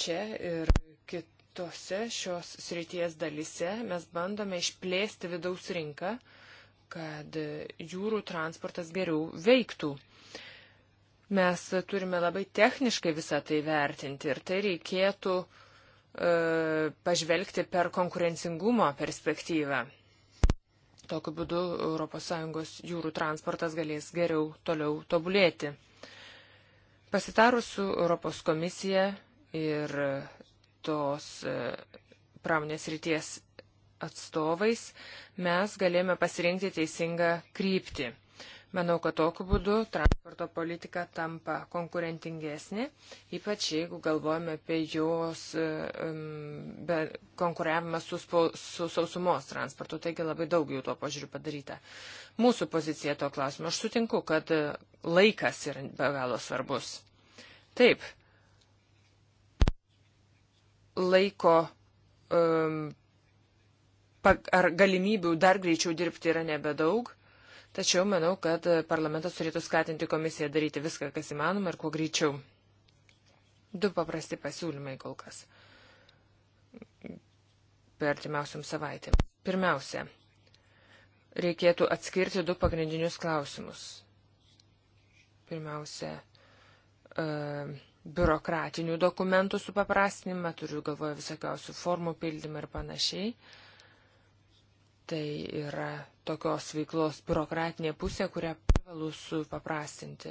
čia ir kitose šios srities dalise mes bandome išplėsti vidaus rinką, uh, kad jūrų transportas geriau veiktų. Mes turime labai techniškai visą tai vertinti ir tai reikėtų e, pažvelgti per konkurencingumo perspektyvą. Tokiu būdu ES jūrų transportas galės geriau toliau tobulėti. Pasitarus su Europos komisija ir tos e, pramonės ryties atstovais mes galėjome pasirinkti teisingą kryptį. Manau, kad tokiu būdu transporto politika tampa konkurentingesnė, ypač jeigu galvojame apie jos um, konkuravimą su, su sausumos transportu. Taigi labai daug jau tuo požiūriu padaryta. Mūsų pozicija to klausimo. Aš sutinku, kad laikas yra be galo svarbus. Taip. Laiko um, ar galimybių dar greičiau dirbti yra nebedaug. Tačiau manau, kad parlamentas turėtų skatinti komisiją daryti viską, kas įmanoma ir kuo greičiau. Du paprasti pasiūlymai kol kas. Per artimiausiam savaitėm. Pirmiausia, reikėtų atskirti du pagrindinius klausimus. Pirmiausia, uh, biurokratinių dokumentų supaprastinimą, turiu galvoje visokiausių formų pildymą ir panašiai. Uh, Tai yra tokios veiklos biurokratinė pusė, kurią privalu supaprastinti.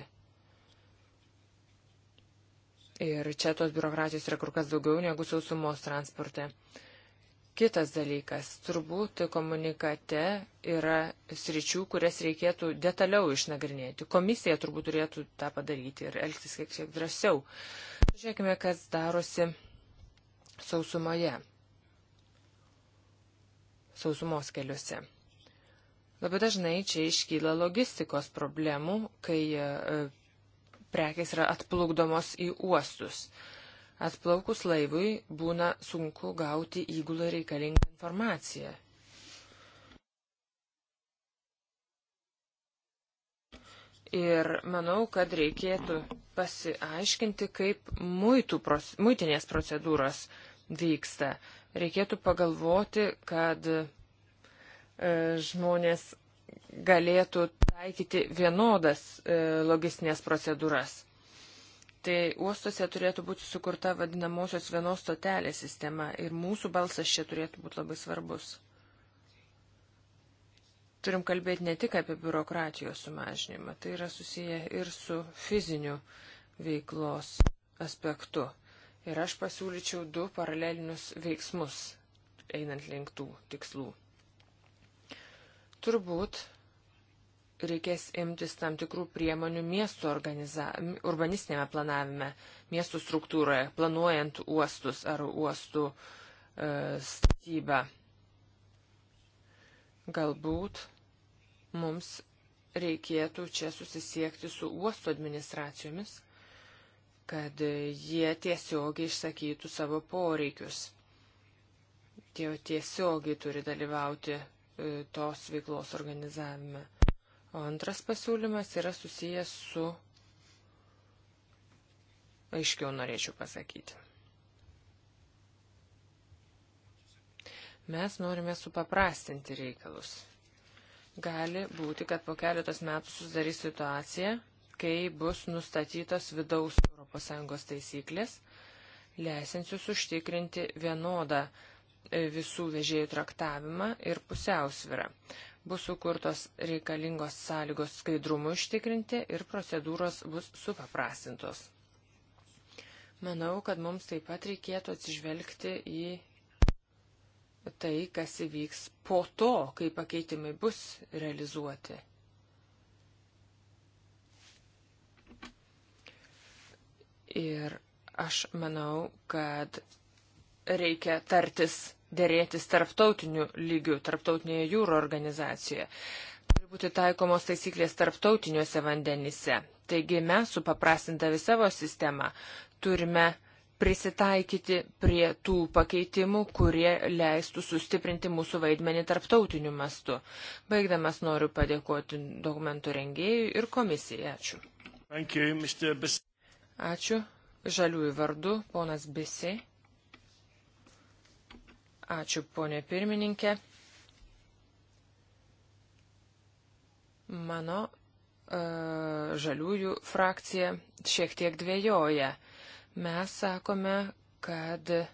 Ir čia tos biurokratijos yra kur kas daugiau negu sausumos transporte. Kitas dalykas, turbūt komunikate yra sričių, kurias reikėtų detaliau išnagrinėti. Komisija turbūt turėtų tą padaryti ir elgtis kiek šiek drąsiau. Žiūrėkime, kas darosi sausumoje sausumos keliuose. Labai dažnai čia iškyla logistikos problemų, kai e, prekės yra atplukdomos į uostus. Atplaukus laivui būna sunku gauti įgulą reikalingą informaciją. Ir manau, kad reikėtų pasiaiškinti, kaip muitinės procedūros vyksta reikėtų pagalvoti, kad e, žmonės galėtų taikyti vienodas e, logistinės procedūras. Tai uostuose turėtų būti sukurta vadinamosios vienos stotelės sistema ir mūsų balsas čia turėtų būti labai svarbus. Turim kalbėti ne tik apie biurokratijos sumažinimą, tai yra susiję ir su fiziniu veiklos aspektu. Ir aš pasiūlyčiau du paralelinius veiksmus, einant link tų tikslų. Turbūt reikės imtis tam tikrų priemonių miestų organiza... urbanistinėme planavime, miestų struktūroje, planuojant uostus ar uostų e, statybą. Galbūt mums reikėtų čia susisiekti su uosto administracijomis kad jie tiesiogiai išsakytų savo poreikius. Tie tiesiogiai turi dalyvauti e, tos veiklos organizavime. O antras pasiūlymas yra susijęs su, aiškiau norėčiau pasakyti. Mes norime supaprastinti reikalus. Gali būti, kad po keletos metų susidarys situacija, kai bus nustatytos vidaus ES taisyklės, leisinsius užtikrinti vienodą e, visų vežėjų traktavimą ir pusiausvirą. Bus sukurtos reikalingos sąlygos skaidrumų užtikrinti ir procedūros bus supaprastintos. Manau, kad mums taip pat reikėtų atsižvelgti į tai, kas įvyks po to, kai pakeitimai bus realizuoti. Ir aš manau, kad reikia tartis, dėrėtis tarptautiniu lygiu, tarptautinėje jūro organizacijoje. Turi būti taikomos taisyklės tarptautiniuose vandenyse. Taigi mes supaprastindami savo sistemą turime prisitaikyti prie tų pakeitimų, kurie leistų sustiprinti mūsų vaidmenį tarptautiniu mastu. Baigdamas noriu padėkoti dokumentų rengėjui ir komisijai. Ačiū. Thank you, Ačiū. Žaliųjų vardu, ponas Bisi. Ačiū, ponė pirmininkė. Mano e, žaliųjų frakcija šiek tiek dvėjoja. Mes sakome, kad e,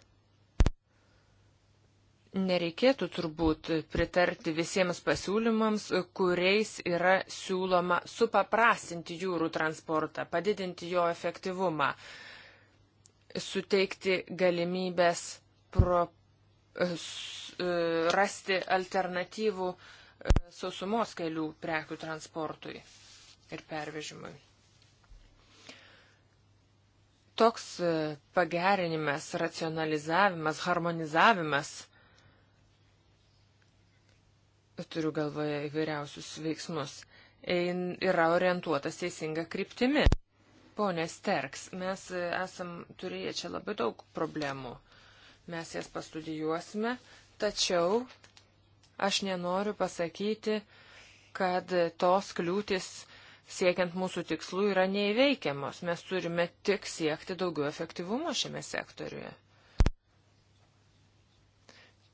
Nereikėtų turbūt pritarti visiems pasiūlymams, kuriais yra siūloma supaprastinti jūrų transportą, padidinti jo efektyvumą, suteikti galimybės pro, e, e, rasti alternatyvų e, sausumos kelių prekių transportui ir pervežimui. Toks pagerinimas, racionalizavimas, harmonizavimas – turiu galvoje įvairiausius veiksmus, ein, yra orientuotas teisinga kryptimi. Pone Sterks, mes esam turėję čia labai daug problemų. Mes jas pastudijuosime, tačiau aš nenoriu pasakyti, kad tos kliūtis siekiant mūsų tikslų yra neįveikiamos. Mes turime tik siekti daugiau efektyvumo šiame sektoriuje.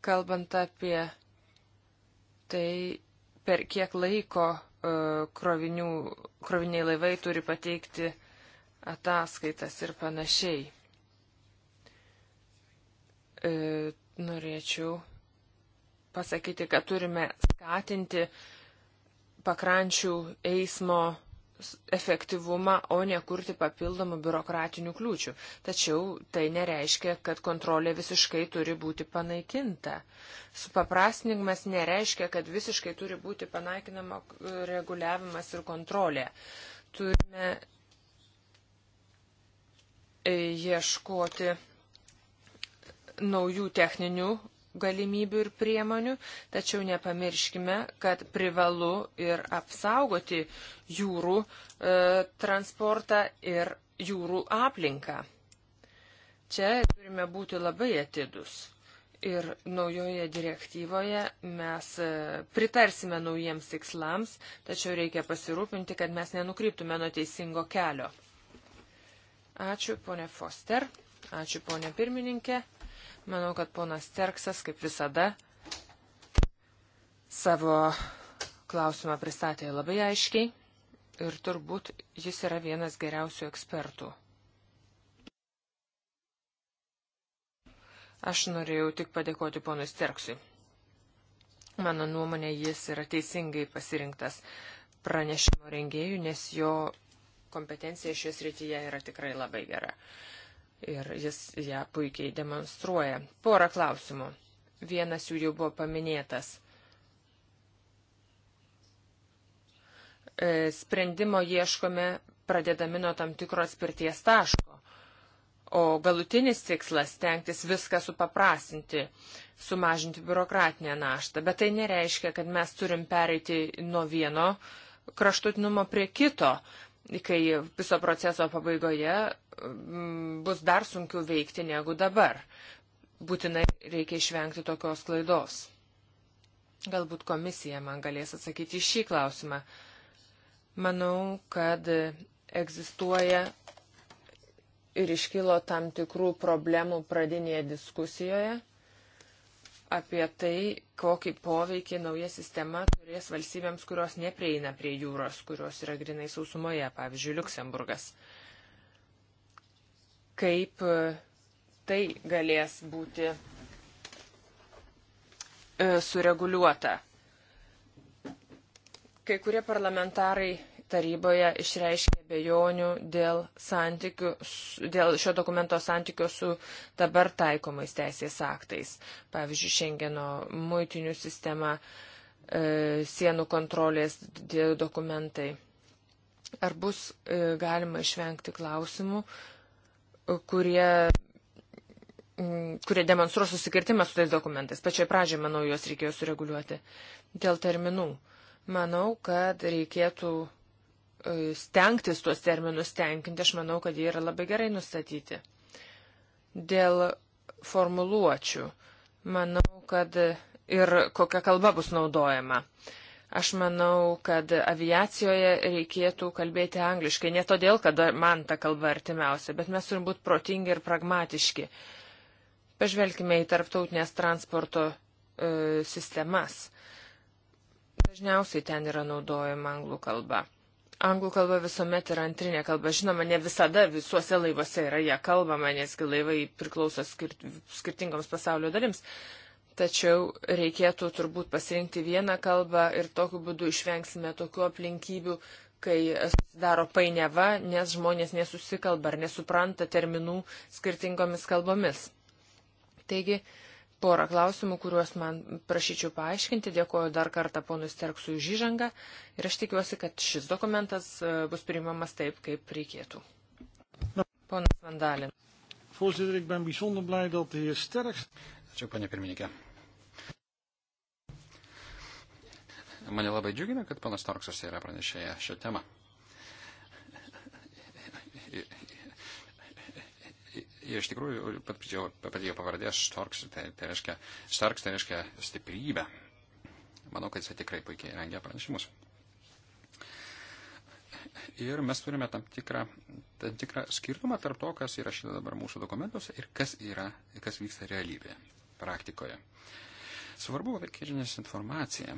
Kalbant apie tai per kiek laiko e, krovinių, kroviniai laivai turi pateikti ataskaitas ir panašiai. E, norėčiau pasakyti, kad turime skatinti pakrančių eismo efektyvumą, o ne kurti papildomų biurokratinių kliūčių. Tačiau tai nereiškia, kad kontrolė visiškai turi būti panaikinta. Supaprastinimas nereiškia, kad visiškai turi būti panaikinama reguliavimas ir kontrolė. Turime e, ieškoti naujų techninių galimybių ir priemonių, tačiau nepamirškime, kad privalu ir apsaugoti jūrų e, transportą ir jūrų aplinką. Čia turime būti labai atidus. Ir naujoje direktyvoje mes e, pritarsime naujiems tikslams, tačiau reikia pasirūpinti, kad mes nenukryptume nuo teisingo kelio. Ačiū, ponė Foster. Ačiū, ponė pirmininkė. Manau, kad ponas Terksas, kaip visada, savo klausimą pristatė labai aiškiai ir turbūt jis yra vienas geriausių ekspertų. Aš norėjau tik padėkoti ponui Sterksui. Mano nuomonė, jis yra teisingai pasirinktas pranešimo rengėjų, nes jo kompetencija šioje srityje yra tikrai labai gera ir jis ją puikiai demonstruoja. Porą klausimų. Vienas jų jau buvo paminėtas. E, sprendimo ieškome pradedami nuo tam tikro atspirties taško, o galutinis tikslas tenktis viską supaprastinti, sumažinti biurokratinę naštą. Bet tai nereiškia, kad mes turim pereiti nuo vieno kraštutinumo prie kito, kai viso proceso pabaigoje Mm, bus dar sunkiau veikti negu dabar. Būtinai reikia išvengti tokios klaidos. Galbūt komisija man galės atsakyti į šį klausimą. Manau, kad egzistuoja ir iškilo tam tikrų problemų pradinėje diskusijoje apie tai, kokį poveikį nauja sistema turės valstybėms, kurios neprieina prie jūros, kurios yra grinai sausumoje, pavyzdžiui, Luksemburgas. Uh, kaip e, tai galės būti e, sureguliuota. Kai kurie parlamentarai taryboje išreiškė bejonių dėl, santykių, dėl šio dokumento santykio su dabar taikomais teisės aktais. Pavyzdžiui, Šengeno muitinių sistema, e, sienų kontrolės dokumentai. Ar bus galima išvengti klausimų, kurie mm, kurie demonstruos susikirtimą su tais dokumentais. Pačioje pradžioje, manau, juos reikėjo sureguliuoti. Dėl terminų. Manau, kad reikėtų e, stengtis tuos terminus tenkinti. Aš manau, kad jie yra labai gerai nustatyti. Dėl formuluočių. Manau, kad ir kokia kalba bus naudojama. Uh, Aš manau, kad aviacijoje reikėtų kalbėti angliškai. Ne todėl, kad man ta kalba artimiausia, bet mes turim būti protingi ir pragmatiški. Pažvelkime į tarptautinės transporto e, sistemas. Dažniausiai ten yra naudojama anglų kalba. Anglų kalba visuomet yra antrinė kalba. Žinoma, ne visada visuose laivuose yra ją kalbama, nesgi laivai priklauso skirt, skirtingoms pasaulio dalims. Tačiau reikėtų turbūt pasirinkti vieną kalbą ir tokiu būdu išvengsime tokių aplinkybių, kai susidaro painiava, nes žmonės nesusikalba ar nesupranta terminų skirtingomis kalbomis. Taigi, porą klausimų, kuriuos man prašyčiau paaiškinti. Dėkuoju dar kartą ponui Sterksui už įžangą ir aš tikiuosi, kad šis dokumentas e, bus priimamas taip, kaip reikėtų. Ponas Vandalin. Voorzitter, ik ben bijzonder blij dat de heer Sterks. Ačiū, panė pirmininkė.
Mane labai džiugina, kad panas Torksas yra pranešėję šią temą. Ir iš tikrųjų, pati jo pavardė Storks, tai, tai reiškia, Starks tai reiškia stiprybę. Manau, kad jis tikrai puikiai rengia pranešimus. Ir mes turime tam tikrą, tam tikrą skirtumą tarp to, kas yra šitą dabar mūsų dokumentuose ir kas, yra, kas vyksta realybėje, praktikoje. Svarbu, kad keičiantis informacija,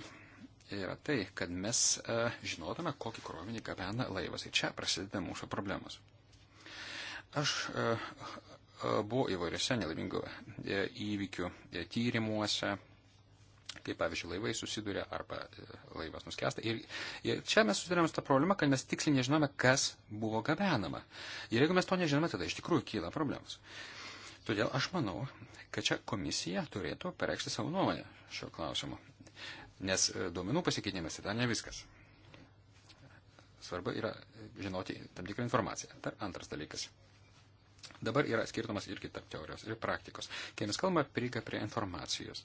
yra tai, kad mes e, žinotume, kokį krovinį gabena laivas. Ir čia prasideda mūsų problemos. Aš e, e, buvau įvairiose nelaimingų įvykių tyrimuose, kaip pavyzdžiui laivai susiduria arba laivas nuskesta. Ir, ir čia mes susidurėm su tą problemą, kad mes tiksliai nežinome, kas buvo gabenama. Ir jeigu mes to nežinome, tada iš tikrųjų kyla problemos. Todėl aš manau, kad čia komisija turėtų pareikšti savo nuomonę šio klausimu. Nes e, duomenų pasikeitimas yra ne viskas. Svarbu yra e, žinoti tam tikrą informaciją. Dar antras dalykas. Dabar yra skirtumas irgi tarp teorijos ir praktikos. Kai mes kalbame prieigą prie informacijos,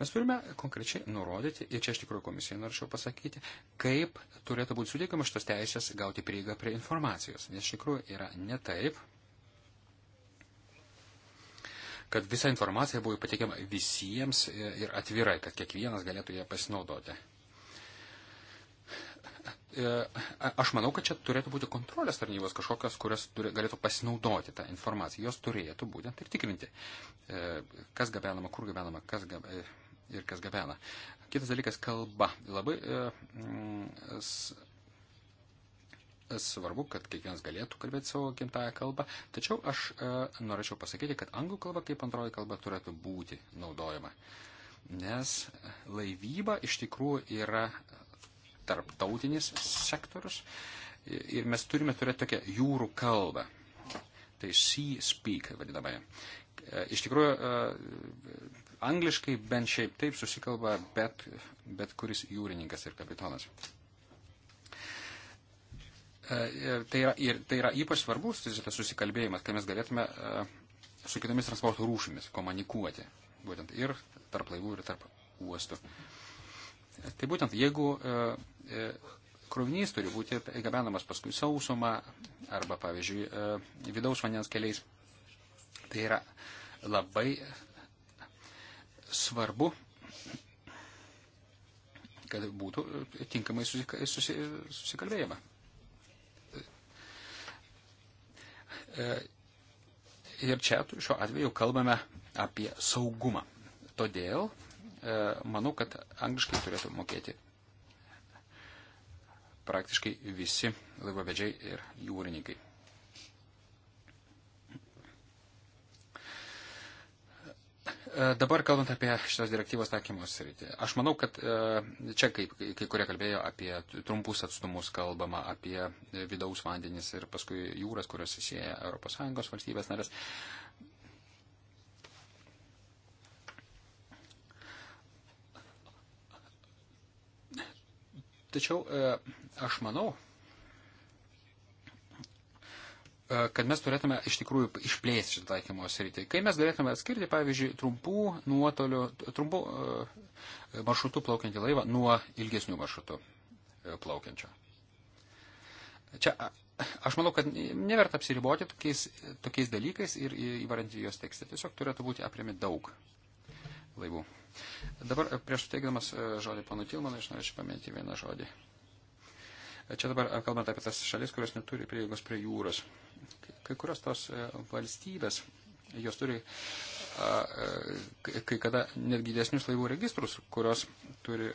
mes turime konkrečiai nurodyti, ir čia iš tikrųjų komisijai norėčiau pasakyti, kaip turėtų būti suteikiamas šitas teisės gauti prieigą prie informacijos. Nes iš tikrųjų yra ne taip, kad visa informacija buvo pateikiama visiems ir atvirai, kad kiekvienas galėtų ją pasinaudoti. Aš manau, kad čia turėtų būti kontrolės tarnybos kažkokios, kurios turi, galėtų pasinaudoti tą informaciją. Jos turėtų būtent ir tikrinti, kas gabenama, kur gabenama, kas gabenama ir kas gabena. Kitas dalykas - kalba. Labai e, s, svarbu, kad kiekvienas galėtų kalbėti savo gimtają kalbą, tačiau aš e, norėčiau pasakyti, kad anglų kalba kaip antroji kalba turėtų būti naudojama. Nes laivyba iš tikrųjų yra tarptautinis sektorius ir mes turime turėti tokią jūrų kalbą. Tai sea speak vadinamąją. E, iš tikrųjų, e, angliškai bent šiaip taip susikalba bet, bet kuris jūrininkas ir kapitonas. E, ir tai, yra, ir tai yra ypač svarbus tas susikalbėjimas, kai mes galėtume e, su kitomis transporto rūšimis komunikuoti, būtent ir tarp laivų, ir tarp uostų. Tai būtent, jeigu e, krovinys turi būti gabenamas paskui sausumą arba, pavyzdžiui, vidaus vandens keliais, tai yra labai svarbu kad būtų tinkamai susikalbėjama. E, ir čia šiuo atveju kalbame apie saugumą. Todėl e, manau, kad angliškai turėtų mokėti praktiškai visi laivavedžiai ir jūrininkai. E, dabar kalbant apie šitos direktyvos taikymus sritį, aš manau, kad e, čia kaip kai kurie kalbėjo apie trumpus atstumus, kalbama apie vidaus vandenis ir paskui jūras, kurios sieja ES valstybės narės. Tačiau e, aš manau, E, kad mes turėtume iš tikrųjų išplėsti šitą taikymo sritį. Kai mes galėtume atskirti, pavyzdžiui, trumpų nuotolių, trumpų e, maršrutų plaukiantį laivą nuo ilgesnių maršrutų e, plaukiančio. Čia aš manau, kad neverta apsiriboti tokiais, tokiais dalykais ir įvarinti jos tekstą. Tiesiog turėtų būti aprimi daug laivų. Dabar prieš suteikdamas žodį panu Tilmanui, aš norėčiau paminėti vieną žodį. Čia dabar kalbant apie tas šalis, kurios neturi prieigos prie jūros. Kai kurios tos e, valstybės, jos turi e, kai kada net didesnius laivų registrus, kurios turi